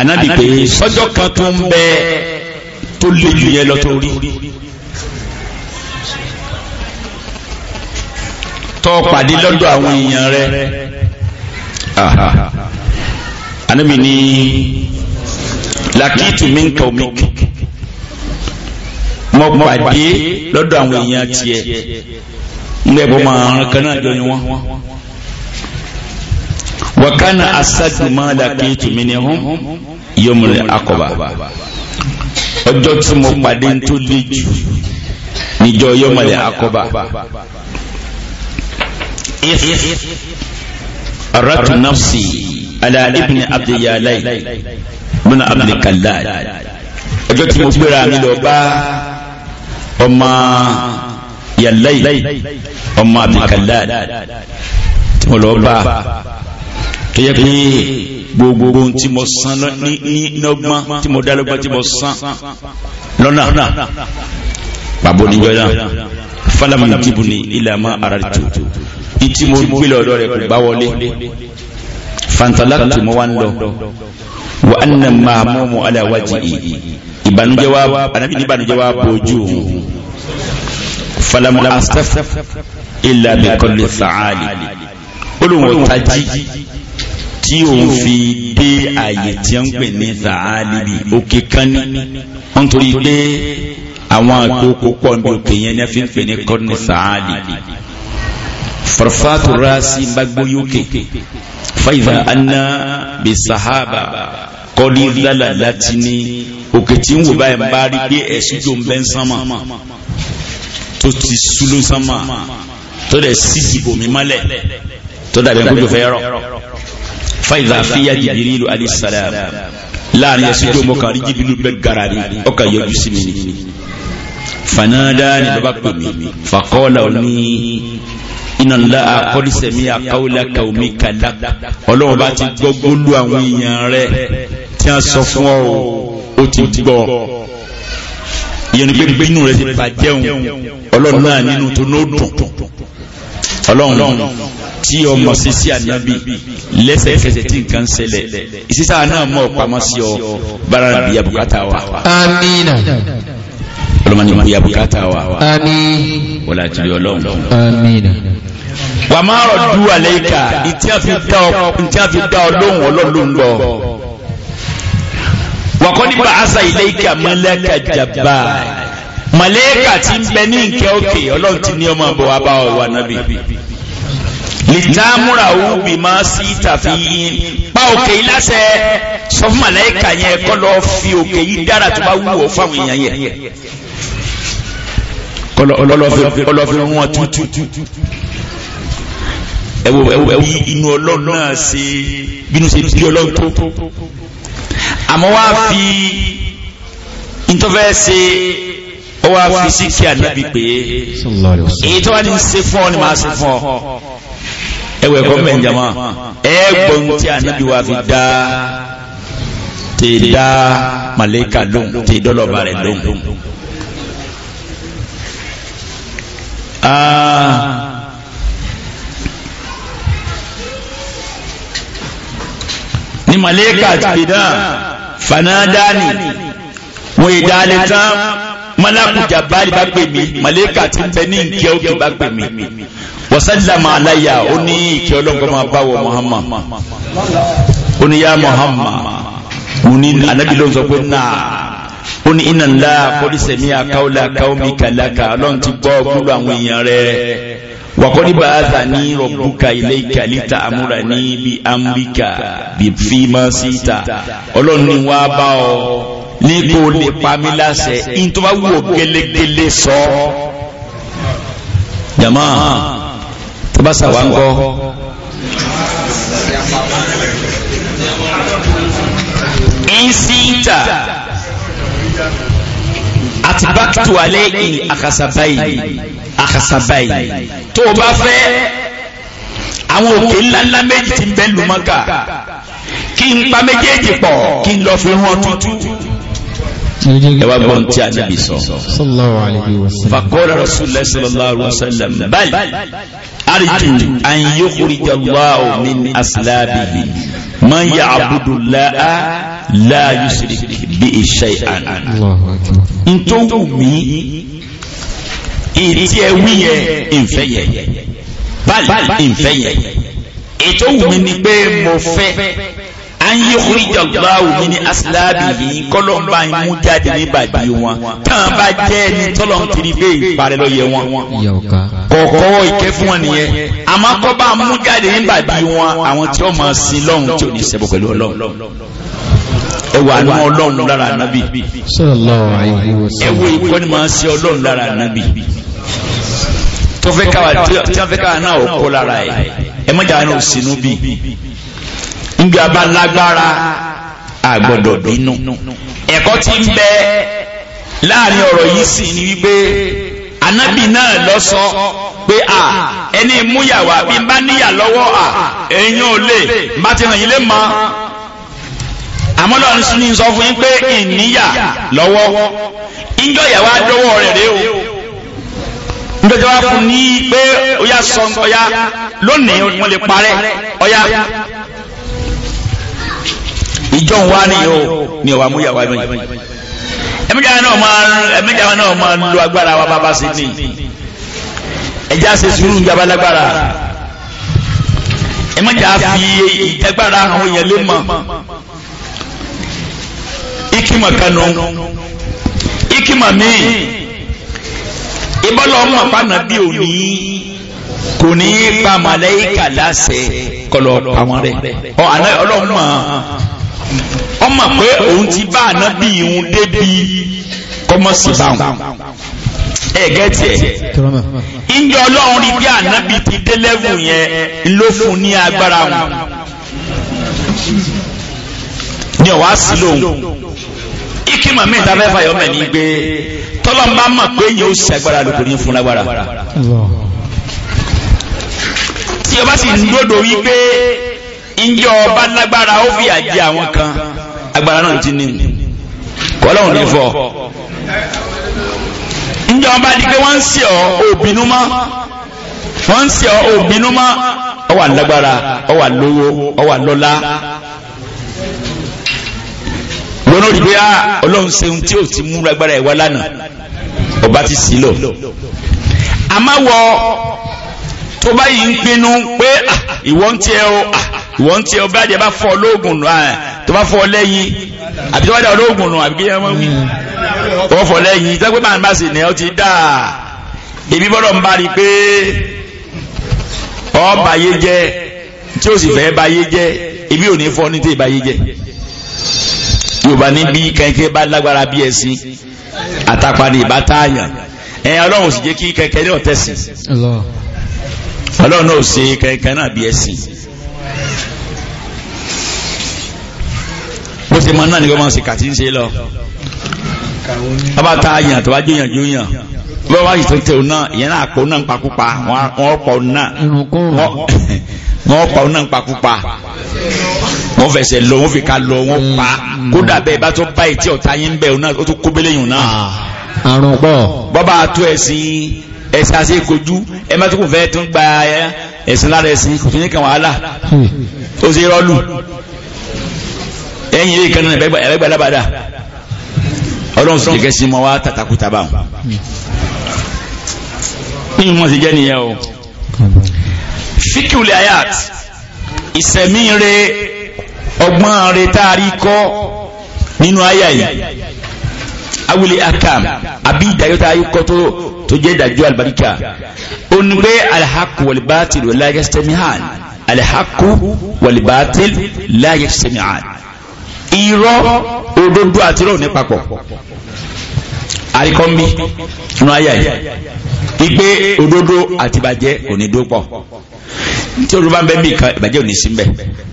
ànábì pé sọ́jọ́ kan tó ń bẹ tó lè jù yẹn lọ tó rí tọ́ pàdé lọ́dọ̀ àwọn èèyàn rẹ̀ ànábì ní lakitu minka omik pàdé lọ́dọ̀ àwọn èèyàn tiẹ̀ ń bẹ́ẹ̀ bọ́ máa rán kan náà jọ ni wọ́n. وكان أسد ما لقيت منهم يوم العقبة ọjọ́ tí mo pàdé ń tó le jù níjọ́ yọmọlẹ̀ akọba ratu nafsi ala ibn abdiyalai muna abdikallad ọjọ́ tí mo gbéra mi lọ bá ọmọ yalai ọmọ abdikallad tí mo lọ bá tó yẹ pé gbogbo ohun tí mo san ní ọgbọ́n tí mo dálọ́gbọ́n tí mo san lọ́nà pàbó níjọ́ náà fálàmù ìdìbò ní ilẹ̀ àmọ́ ara rẹ̀ tó ìtí mo gbé lọ́dọ̀ rẹ̀ kò bá wọlé fantalaktu mo wá ń lọ wa anna maamumu ala wajihi ìbànújẹ́ wa anabi ní ìbànújẹ́ wa bójú òun falamu astaf illa bi kulli sa'ali olùwọ̀n tají tí òun fi dé àyè tí ó ń pè ní sàálìbì òkè kan ní wọ́n torí pé àwọn àkókò pọ̀ ní òkè yẹn ní a fi ń pè ní kọ́ni sàálìbì farfatu rasi gbagboyókè faiza anna bi sahaba kọ́ni lálà láti ní òkè tí ń wò báyìí bá rí pé ẹ̀sùn tó ń bẹ́ ń sánmà tó ti súlú sánmà tó dẹ̀ sí ìbòmí mọ́lẹ̀ tó dàbí ẹ̀kú tó fẹ́ rọ̀ fàìdà fíyà jìbìrìlù alìsàlám láàrin ẹ̀sùn tó mọ́kàn rí jìbìrìlù bẹ́ gara ni ọkà yọjú sí mi ni fanada ni bàbá pè mí fàkọ́lá ò ní iná ńlá àkọ́lísẹ̀mí àkáwọlá kàwọmí kàlá ọlọ́run bá ti gbọ́ gbólú àwọn èèyàn rẹ̀ tí a sọ fún ọ ó ti gbọ́ ìyẹn ni pé bínú rẹ̀ ti bàjẹ́ òun ọlọ́run náà nínú tó ní ó dùn ọlọ́run tí o mọ̀ sí sí ànábì lẹ́sẹ̀kẹsẹ̀ tí nǹkan ṣẹlẹ̀ ìsísà náà mọ̀ pamọ́ sí ọ bára bí abùkátà wa. amina. olùmọ̀ni bí abùkátà wa. àmín. wọlé àti ọlọ́run. wà máa rọ̀ du àlẹ́ ìka ìtí a fi dá ọ ọlọ́run lọ. wàkọ́ nípa àṣà ilé ìka mọ́lẹ́kà jàmbá màlẹ́kà ti ń bẹ ní nkẹ́ òkè ọlọ́run ti ní ọmọ àbọ̀ wa bá ọ wà nábì lìtàmúra ó bì máa sí tàfihìn pa òkè yìí láṣẹ sọ fún màláìka yẹn kọ́ lọ fi òkè yìí dára tó bá wù ọ́ fáwọn èèyàn yẹn kọlọ́fin wọn tútù ẹwọ ẹwọ ẹwọ inú ọlọ́run náà ṣe bínú ṣe bí ọlọ́run tó àmọ́ wá fi ntọ́fẹ́ ṣe ọwọ́ àfi sí kí ànábì pé èyí tó wà ní ṣe fún ọ ni màá ṣe fún ọ ẹwẹ̀ ẹ̀kọ́ mẹ́ ìjàmá ẹgbọ́n tí ànábì wa fi dá ti da màlẹ́kà lóhùn ti dọ́lọ́ba rẹ̀ lóhùn ah. ni màlẹ́kà ti dá fanadani wọ́n ìdálẹ́ tán malaku jabali bá gbèmí màlẹ́kà ti tẹ́ ní nkẹ́ òkè bá gbèmí wasallama alayya ó ní ìkẹ́ ọlọ́nkọ́ máa bá wọ Muhammad ó ní ya Muhammad mo ní anabi ló ń sọ pé náà ó ní iná ńlá kọ́dísẹ̀ mi àkáwọ́lá àkáwọ́ mi kàlákà ọlọ́run ti gbọ́ gbúlù àwọn èèyàn rẹ wakọ́dí bá àzà ní rọ̀bùkà ilé ìkàlítà àmúra ní bí amríkà bí fíìmà síta ọlọ́run ni wọ́n á bá ọ ní kó lè pa mí láṣẹ ní jama. Ah bá sàwà ń kọ́ ìsìta àti bákítù alẹ́ ìlú àkàsàbáyì àkàsàbáyì tó o bá fẹ́ àwọn òkè ńláńlá méjì ti ń lùmọ́gà kí n pa méjèèjì pọ̀ kí n lọ fi wọn tuntun ẹwà gbọ́n tí a níbi sọ. fakọ́lá rasulullah sallallahu alaihi wasallam báyìí أرجو أن يخرج الله من أسلابه من يعبد الله لا يشرك به شيئا ntọ́wù mi ètí ẹ wí yẹ ìfẹ́ yẹ báyìí ìfẹ́ yẹ ètò wù mí ni pé mo fẹ́ an yukhrija Allahu min aslabihi kọ́lọ́mbà imú jáde ní bàbí wọn tán bá jẹ́ ní tọ́lọ̀ ń tiri bẹ́ẹ̀ ìparẹ́ lọ yẹ wọn. kọ̀ọ̀kọ́ ìkẹ́ fún wọn nìyẹn àmọ́ kọ́ bá mú jáde ní bàbí wọn àwọn tí ó máa sin lọ́hùn tí ò ní ṣẹbọ pẹ̀lú ọlọ́hùn ẹwà àánú ọlọ́run lára ànábì ẹwọ ìkọ́ ni máa ń ọlọ́run lára ànábì tó fẹ́ káwà náà ọkọ lára ẹ̀ ẹ mọ́jà náà sínú bíi níbi abá lágbára àgbọ̀dọ̀ bínú ẹ̀kọ́ tí ń bẹ láàrin ọ̀rọ̀ yìí sì ni wípé anábì náà lọ sọ pé à ẹni múyàwó àbí bá níyà lọ́wọ́ à ẹ̀yin ò lè má ti hàn yín lè mọ́ àmọ́ lọ́run sún sọ fún yín pé ìníyà lọ́wọ́ ìjọ ìyàwó àdọ́wọ́ rẹ̀ rèé o ndọ́jọ́ wá fún ní pé ó yá sọ ọ̀yá lónìí wọ́n lè parẹ́ ọ̀yá ìjọ ń wá nìyẹn o ni ọ̀wà mú yàwá mi ẹ̀mẹ́jà náà máa ẹ̀mẹ́jà náà máa lo agbára wa bàbá sí ni ẹ̀já ṣe sùúrù ìjàmbá lágbára ẹ̀mẹ́jà fi ìtẹ́gbára àwọn èèyàn lé mọ̀ ikima kanu ikima mi ìbọ́lọ̀ ọmọ pàmò bí òní kò ní pa màlẹ́kà láṣẹ kọlọ̀ àwọn rẹ̀ ọ àná ọlọ́mọ ọmọ pé òun ti bá ànábì ìhun débi kọmọsí báwọn ẹ̀gẹ́ tiẹ̀ ìjọ ọlọ́run rí bí ànábì ti dé lẹ́wù yẹn ló fún ní agbára wọn ni ọ̀wá sí lóhùn ikima mi ta fẹ́ ní gbé tọ́lọ́mbà mọ̀ pé yóò ṣàgbára lóbìnrin fún lágbára tí o sì ń lódò wípé ìjọ ọba lágbára ó fi àjẹ àwọn kan agbára náà ti ní kọlọ́hún ní fọ ìjọ ọba di pé wọ́n ń sè ọ́ òbínú mọ́ wọ́n ń sè ọ́ òbínú mọ́ ọ wà lágbára ọ wà lówó ọ wà lọ́lá lọ́nà òdìbò yá ọlọ́run ṣeun tí ò ti mú lágbára ẹ̀ wá lánàá ọba ti sí lọ àmọ́ wọ tó báyìí ń pinnu pé ah, ìwọ ń tiẹ̀ o ah, wọ́n ti ọba àjẹ́ bá fọ́ olóògùn nù tó bá fọ́ lẹ́yìn àbí tó bá dá olóògùn nù àbí kéèyàn wọ́n wí hmm. tó bá fọ́ lẹ́yìn tó pé màá bá sì ní ọ ti dà èmi bọ́dọ̀ ń bá rí i pé ọba yé jẹ tí ó sì fẹ́ bá yé jẹ èmi ò ní fọ́ ní tí ì bá yé jẹ yorùbá ní bí kẹ̀kẹ́ bá lágbára bí ẹṣin àtàpá ní ìbá táàyàn ẹ ọlọ́run sì jẹ́ kí kẹ̀kẹ́ náà tẹ̀sìn ọlọ́run náà ò ṣe kẹ̀kẹ́ náà bí ẹṣin bó ṣe máa náà ní kọ́ máa ṣe kàtí ń ṣe lọ bàbá tá a yàn tó bá jóyàn jóyàn bó wá yìí tó tẹ òun náà ìyẹn náà kó náà ń pakúpa wọn pa òun náà wọn pa òun náà ń pakúpa wọn fẹsẹ̀ lọ wọn fi ka lọ wọn pa kódà bẹ́ẹ̀ bá tó bá ìtí ọ̀tá yín bẹ́ẹ̀ òun náà ó tó kóbélé yìí náà. àrùn pọ̀. bọ́bá tó ẹ̀sìn ẹ̀sìn àṣẹ kojú ẹ má tó kò fẹ́ tún gba ẹ̀sìn lára ẹ̀sìn kò sí ní kan wàhálà tó ṣe rọ́lù ẹ̀yìn ilé ìkànnì ẹ̀rẹ́gbẹ̀ alábàdà ọlọ́run sọ jẹ́gẹ́ sí mọ́ wá tàtàkùtà bá ní wọ́n ti jẹ́ nìyẹn o fíkìlì ayat ìsẹ̀mí re ọgbọ́n re táàrí kọ́ nínú àyà yìí awuli akam àbí ìdájọ́ tá a yí kọ́tó tó jẹ́ ìdájọ́ alibarika ó ní pé alihaku walibatil wala yastamihan alihaku walibatil la yastamihan irọ́ òdodo àti irọ́ ní papọ̀ àríkọ́mbí nínú ayé yìí igbe òdodo àti ìbàjẹ́ òní dúpọ̀ tí òdodo bá ń bẹ́ mí kan ìbàjẹ́ òní sí mbẹ́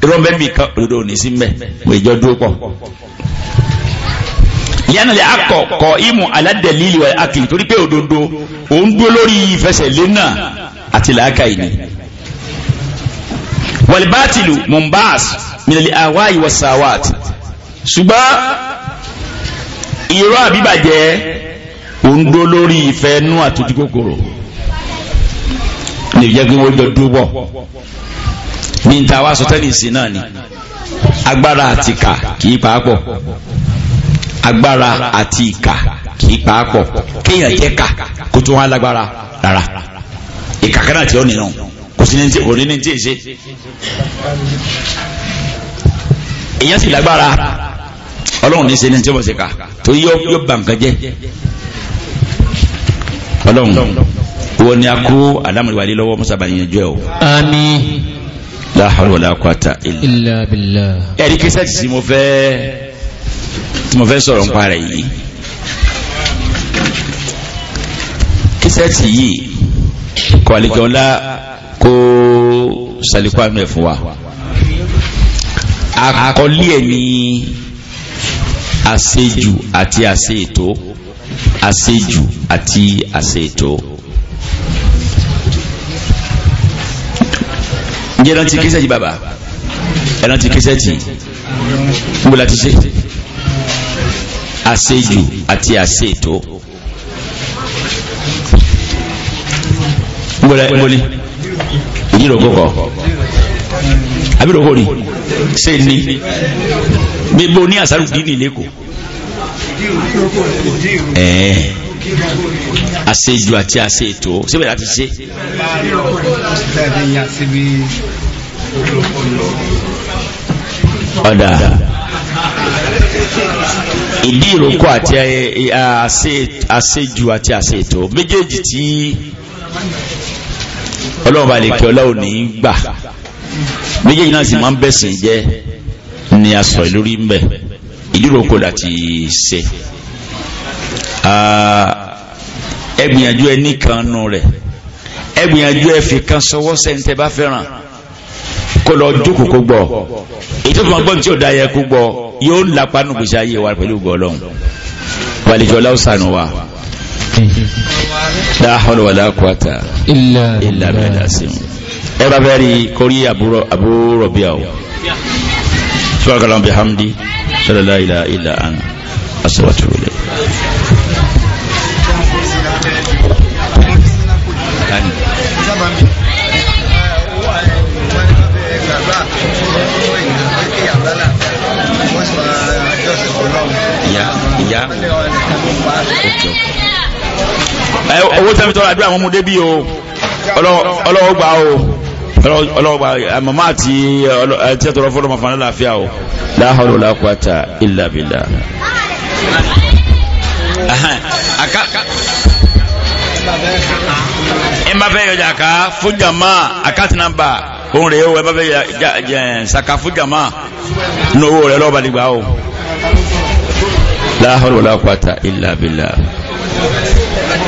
irọ́ ń bẹ́ mí kan òdodo òní sí mbẹ́ òjò dúpọ̀ lẹ́nàlẹ́ akọ̀kọ̀ imu aládẹ̀lílì wà ákìlì torí pé òdodo òun dúró lórí ìfẹsẹ̀lé náà àti làákà ìní wàlìbátìlù mumbas minali awa iwa sawat ṣùgbọ́n irọ́ àbíbàjẹ́ òun dúró lórí ìfẹ́ nú àtúntí kòkòrò ní ìjẹ́ kí wọ́n jọ dúbọ̀ ní ìtawà sọtẹ́nìsì náà ni agbára àtìkà kì í pàápọ̀ agbára àti ìkà kìí paapọ̀ kéèyàn jẹ́ kà kó tún wá lágbára rárá ìkà kan náà tí ó nìyàn kò sí ní tí ì ṣe èyàn sì lágbára ọlọ́run ní í ṣe ní tí ó bọ̀ sí tó yọ yóò bà nǹkan jẹ́ ọlọ́run wọ́n ni a kó alámọ̀lẹ́wàlẹ́ lọ́wọ́ musa bàyẹn jẹ́ o. àmín la hawla wala quwwata illa ẹ̀rí kí sẹ́ẹ̀tì sí mo fẹ́ tí mo fẹ́ sọ̀rọ̀ nípa rẹ̀ yìí kíṣẹ́ẹ̀tì yìí kò àlejò ńlá kó sàlékọ́ àánú ẹ̀ fún wa àkọlé ẹ̀ ní àṣejù àti àṣe ètò àṣejù àti àṣe ètò. ǹjẹ́ ẹran ti kíṣẹ́ẹ̀tì bàbá ẹran ti kíṣẹ́ẹ̀tì níbo la ti ṣe àṣejù àti àṣètò mọ́lẹ̀ ìjíròkó kọ́ àbíròkó rí ṣe ní gbogbo ní àṣàrù dínì lẹ́kọ̀ọ́ ẹ̀ẹ́ àṣejù àti àṣètò síbẹ̀ láti ṣe ọ̀dà ìdí ìrókò àti àṣejù àti àṣètò méjèèjì tí ọlọ́run bá lè kí ọlọ́run ní gbà méjèèjì náà sì máa ń bẹ̀sìn jẹ́ ni a sọ lórí ń bẹ̀ ìdí ìrókò láti ṣe ẹgbìyànjú ẹ níkanu rẹ̀ ẹgbìyànjú ẹ fi kan sọwọ́ sẹ́ńtẹ́ bá fẹ́ràn kó lọ jókòó kó gbọ́ èyí tó fún ọgbọ́n tí ò dá yẹ kó gbọ́ yóò lápá gbèsè ayé wa pẹ̀lú gbọ́ ọlọ́run wàlejò ọlọ́sàn wa la hawla wala quwwata illa billah ẹ bá fẹ́ rí kórí àbúrò bíà o subhanallahi bihamdi la ilaha illa anta astaghfiruka owó tẹ́mi tọ́ra àdúrà àwọn ọmọdé bí o ọlọ́wọ́ gbà o ọlọ́wọ́ gbà màmá àti ẹtí ẹ̀tọ́ lọ́fọ́ lọ́mọ fún aláàfíà o láhàrú làkúàtà illa ẹ má fẹ́ yọjà ká fún jàmá òun rèé o ẹ má fẹ́ yọjà sàkà fún nínú owó rẹ lọ́wọ́ balẹ̀ gbà o la hawla wala quwwata illa billah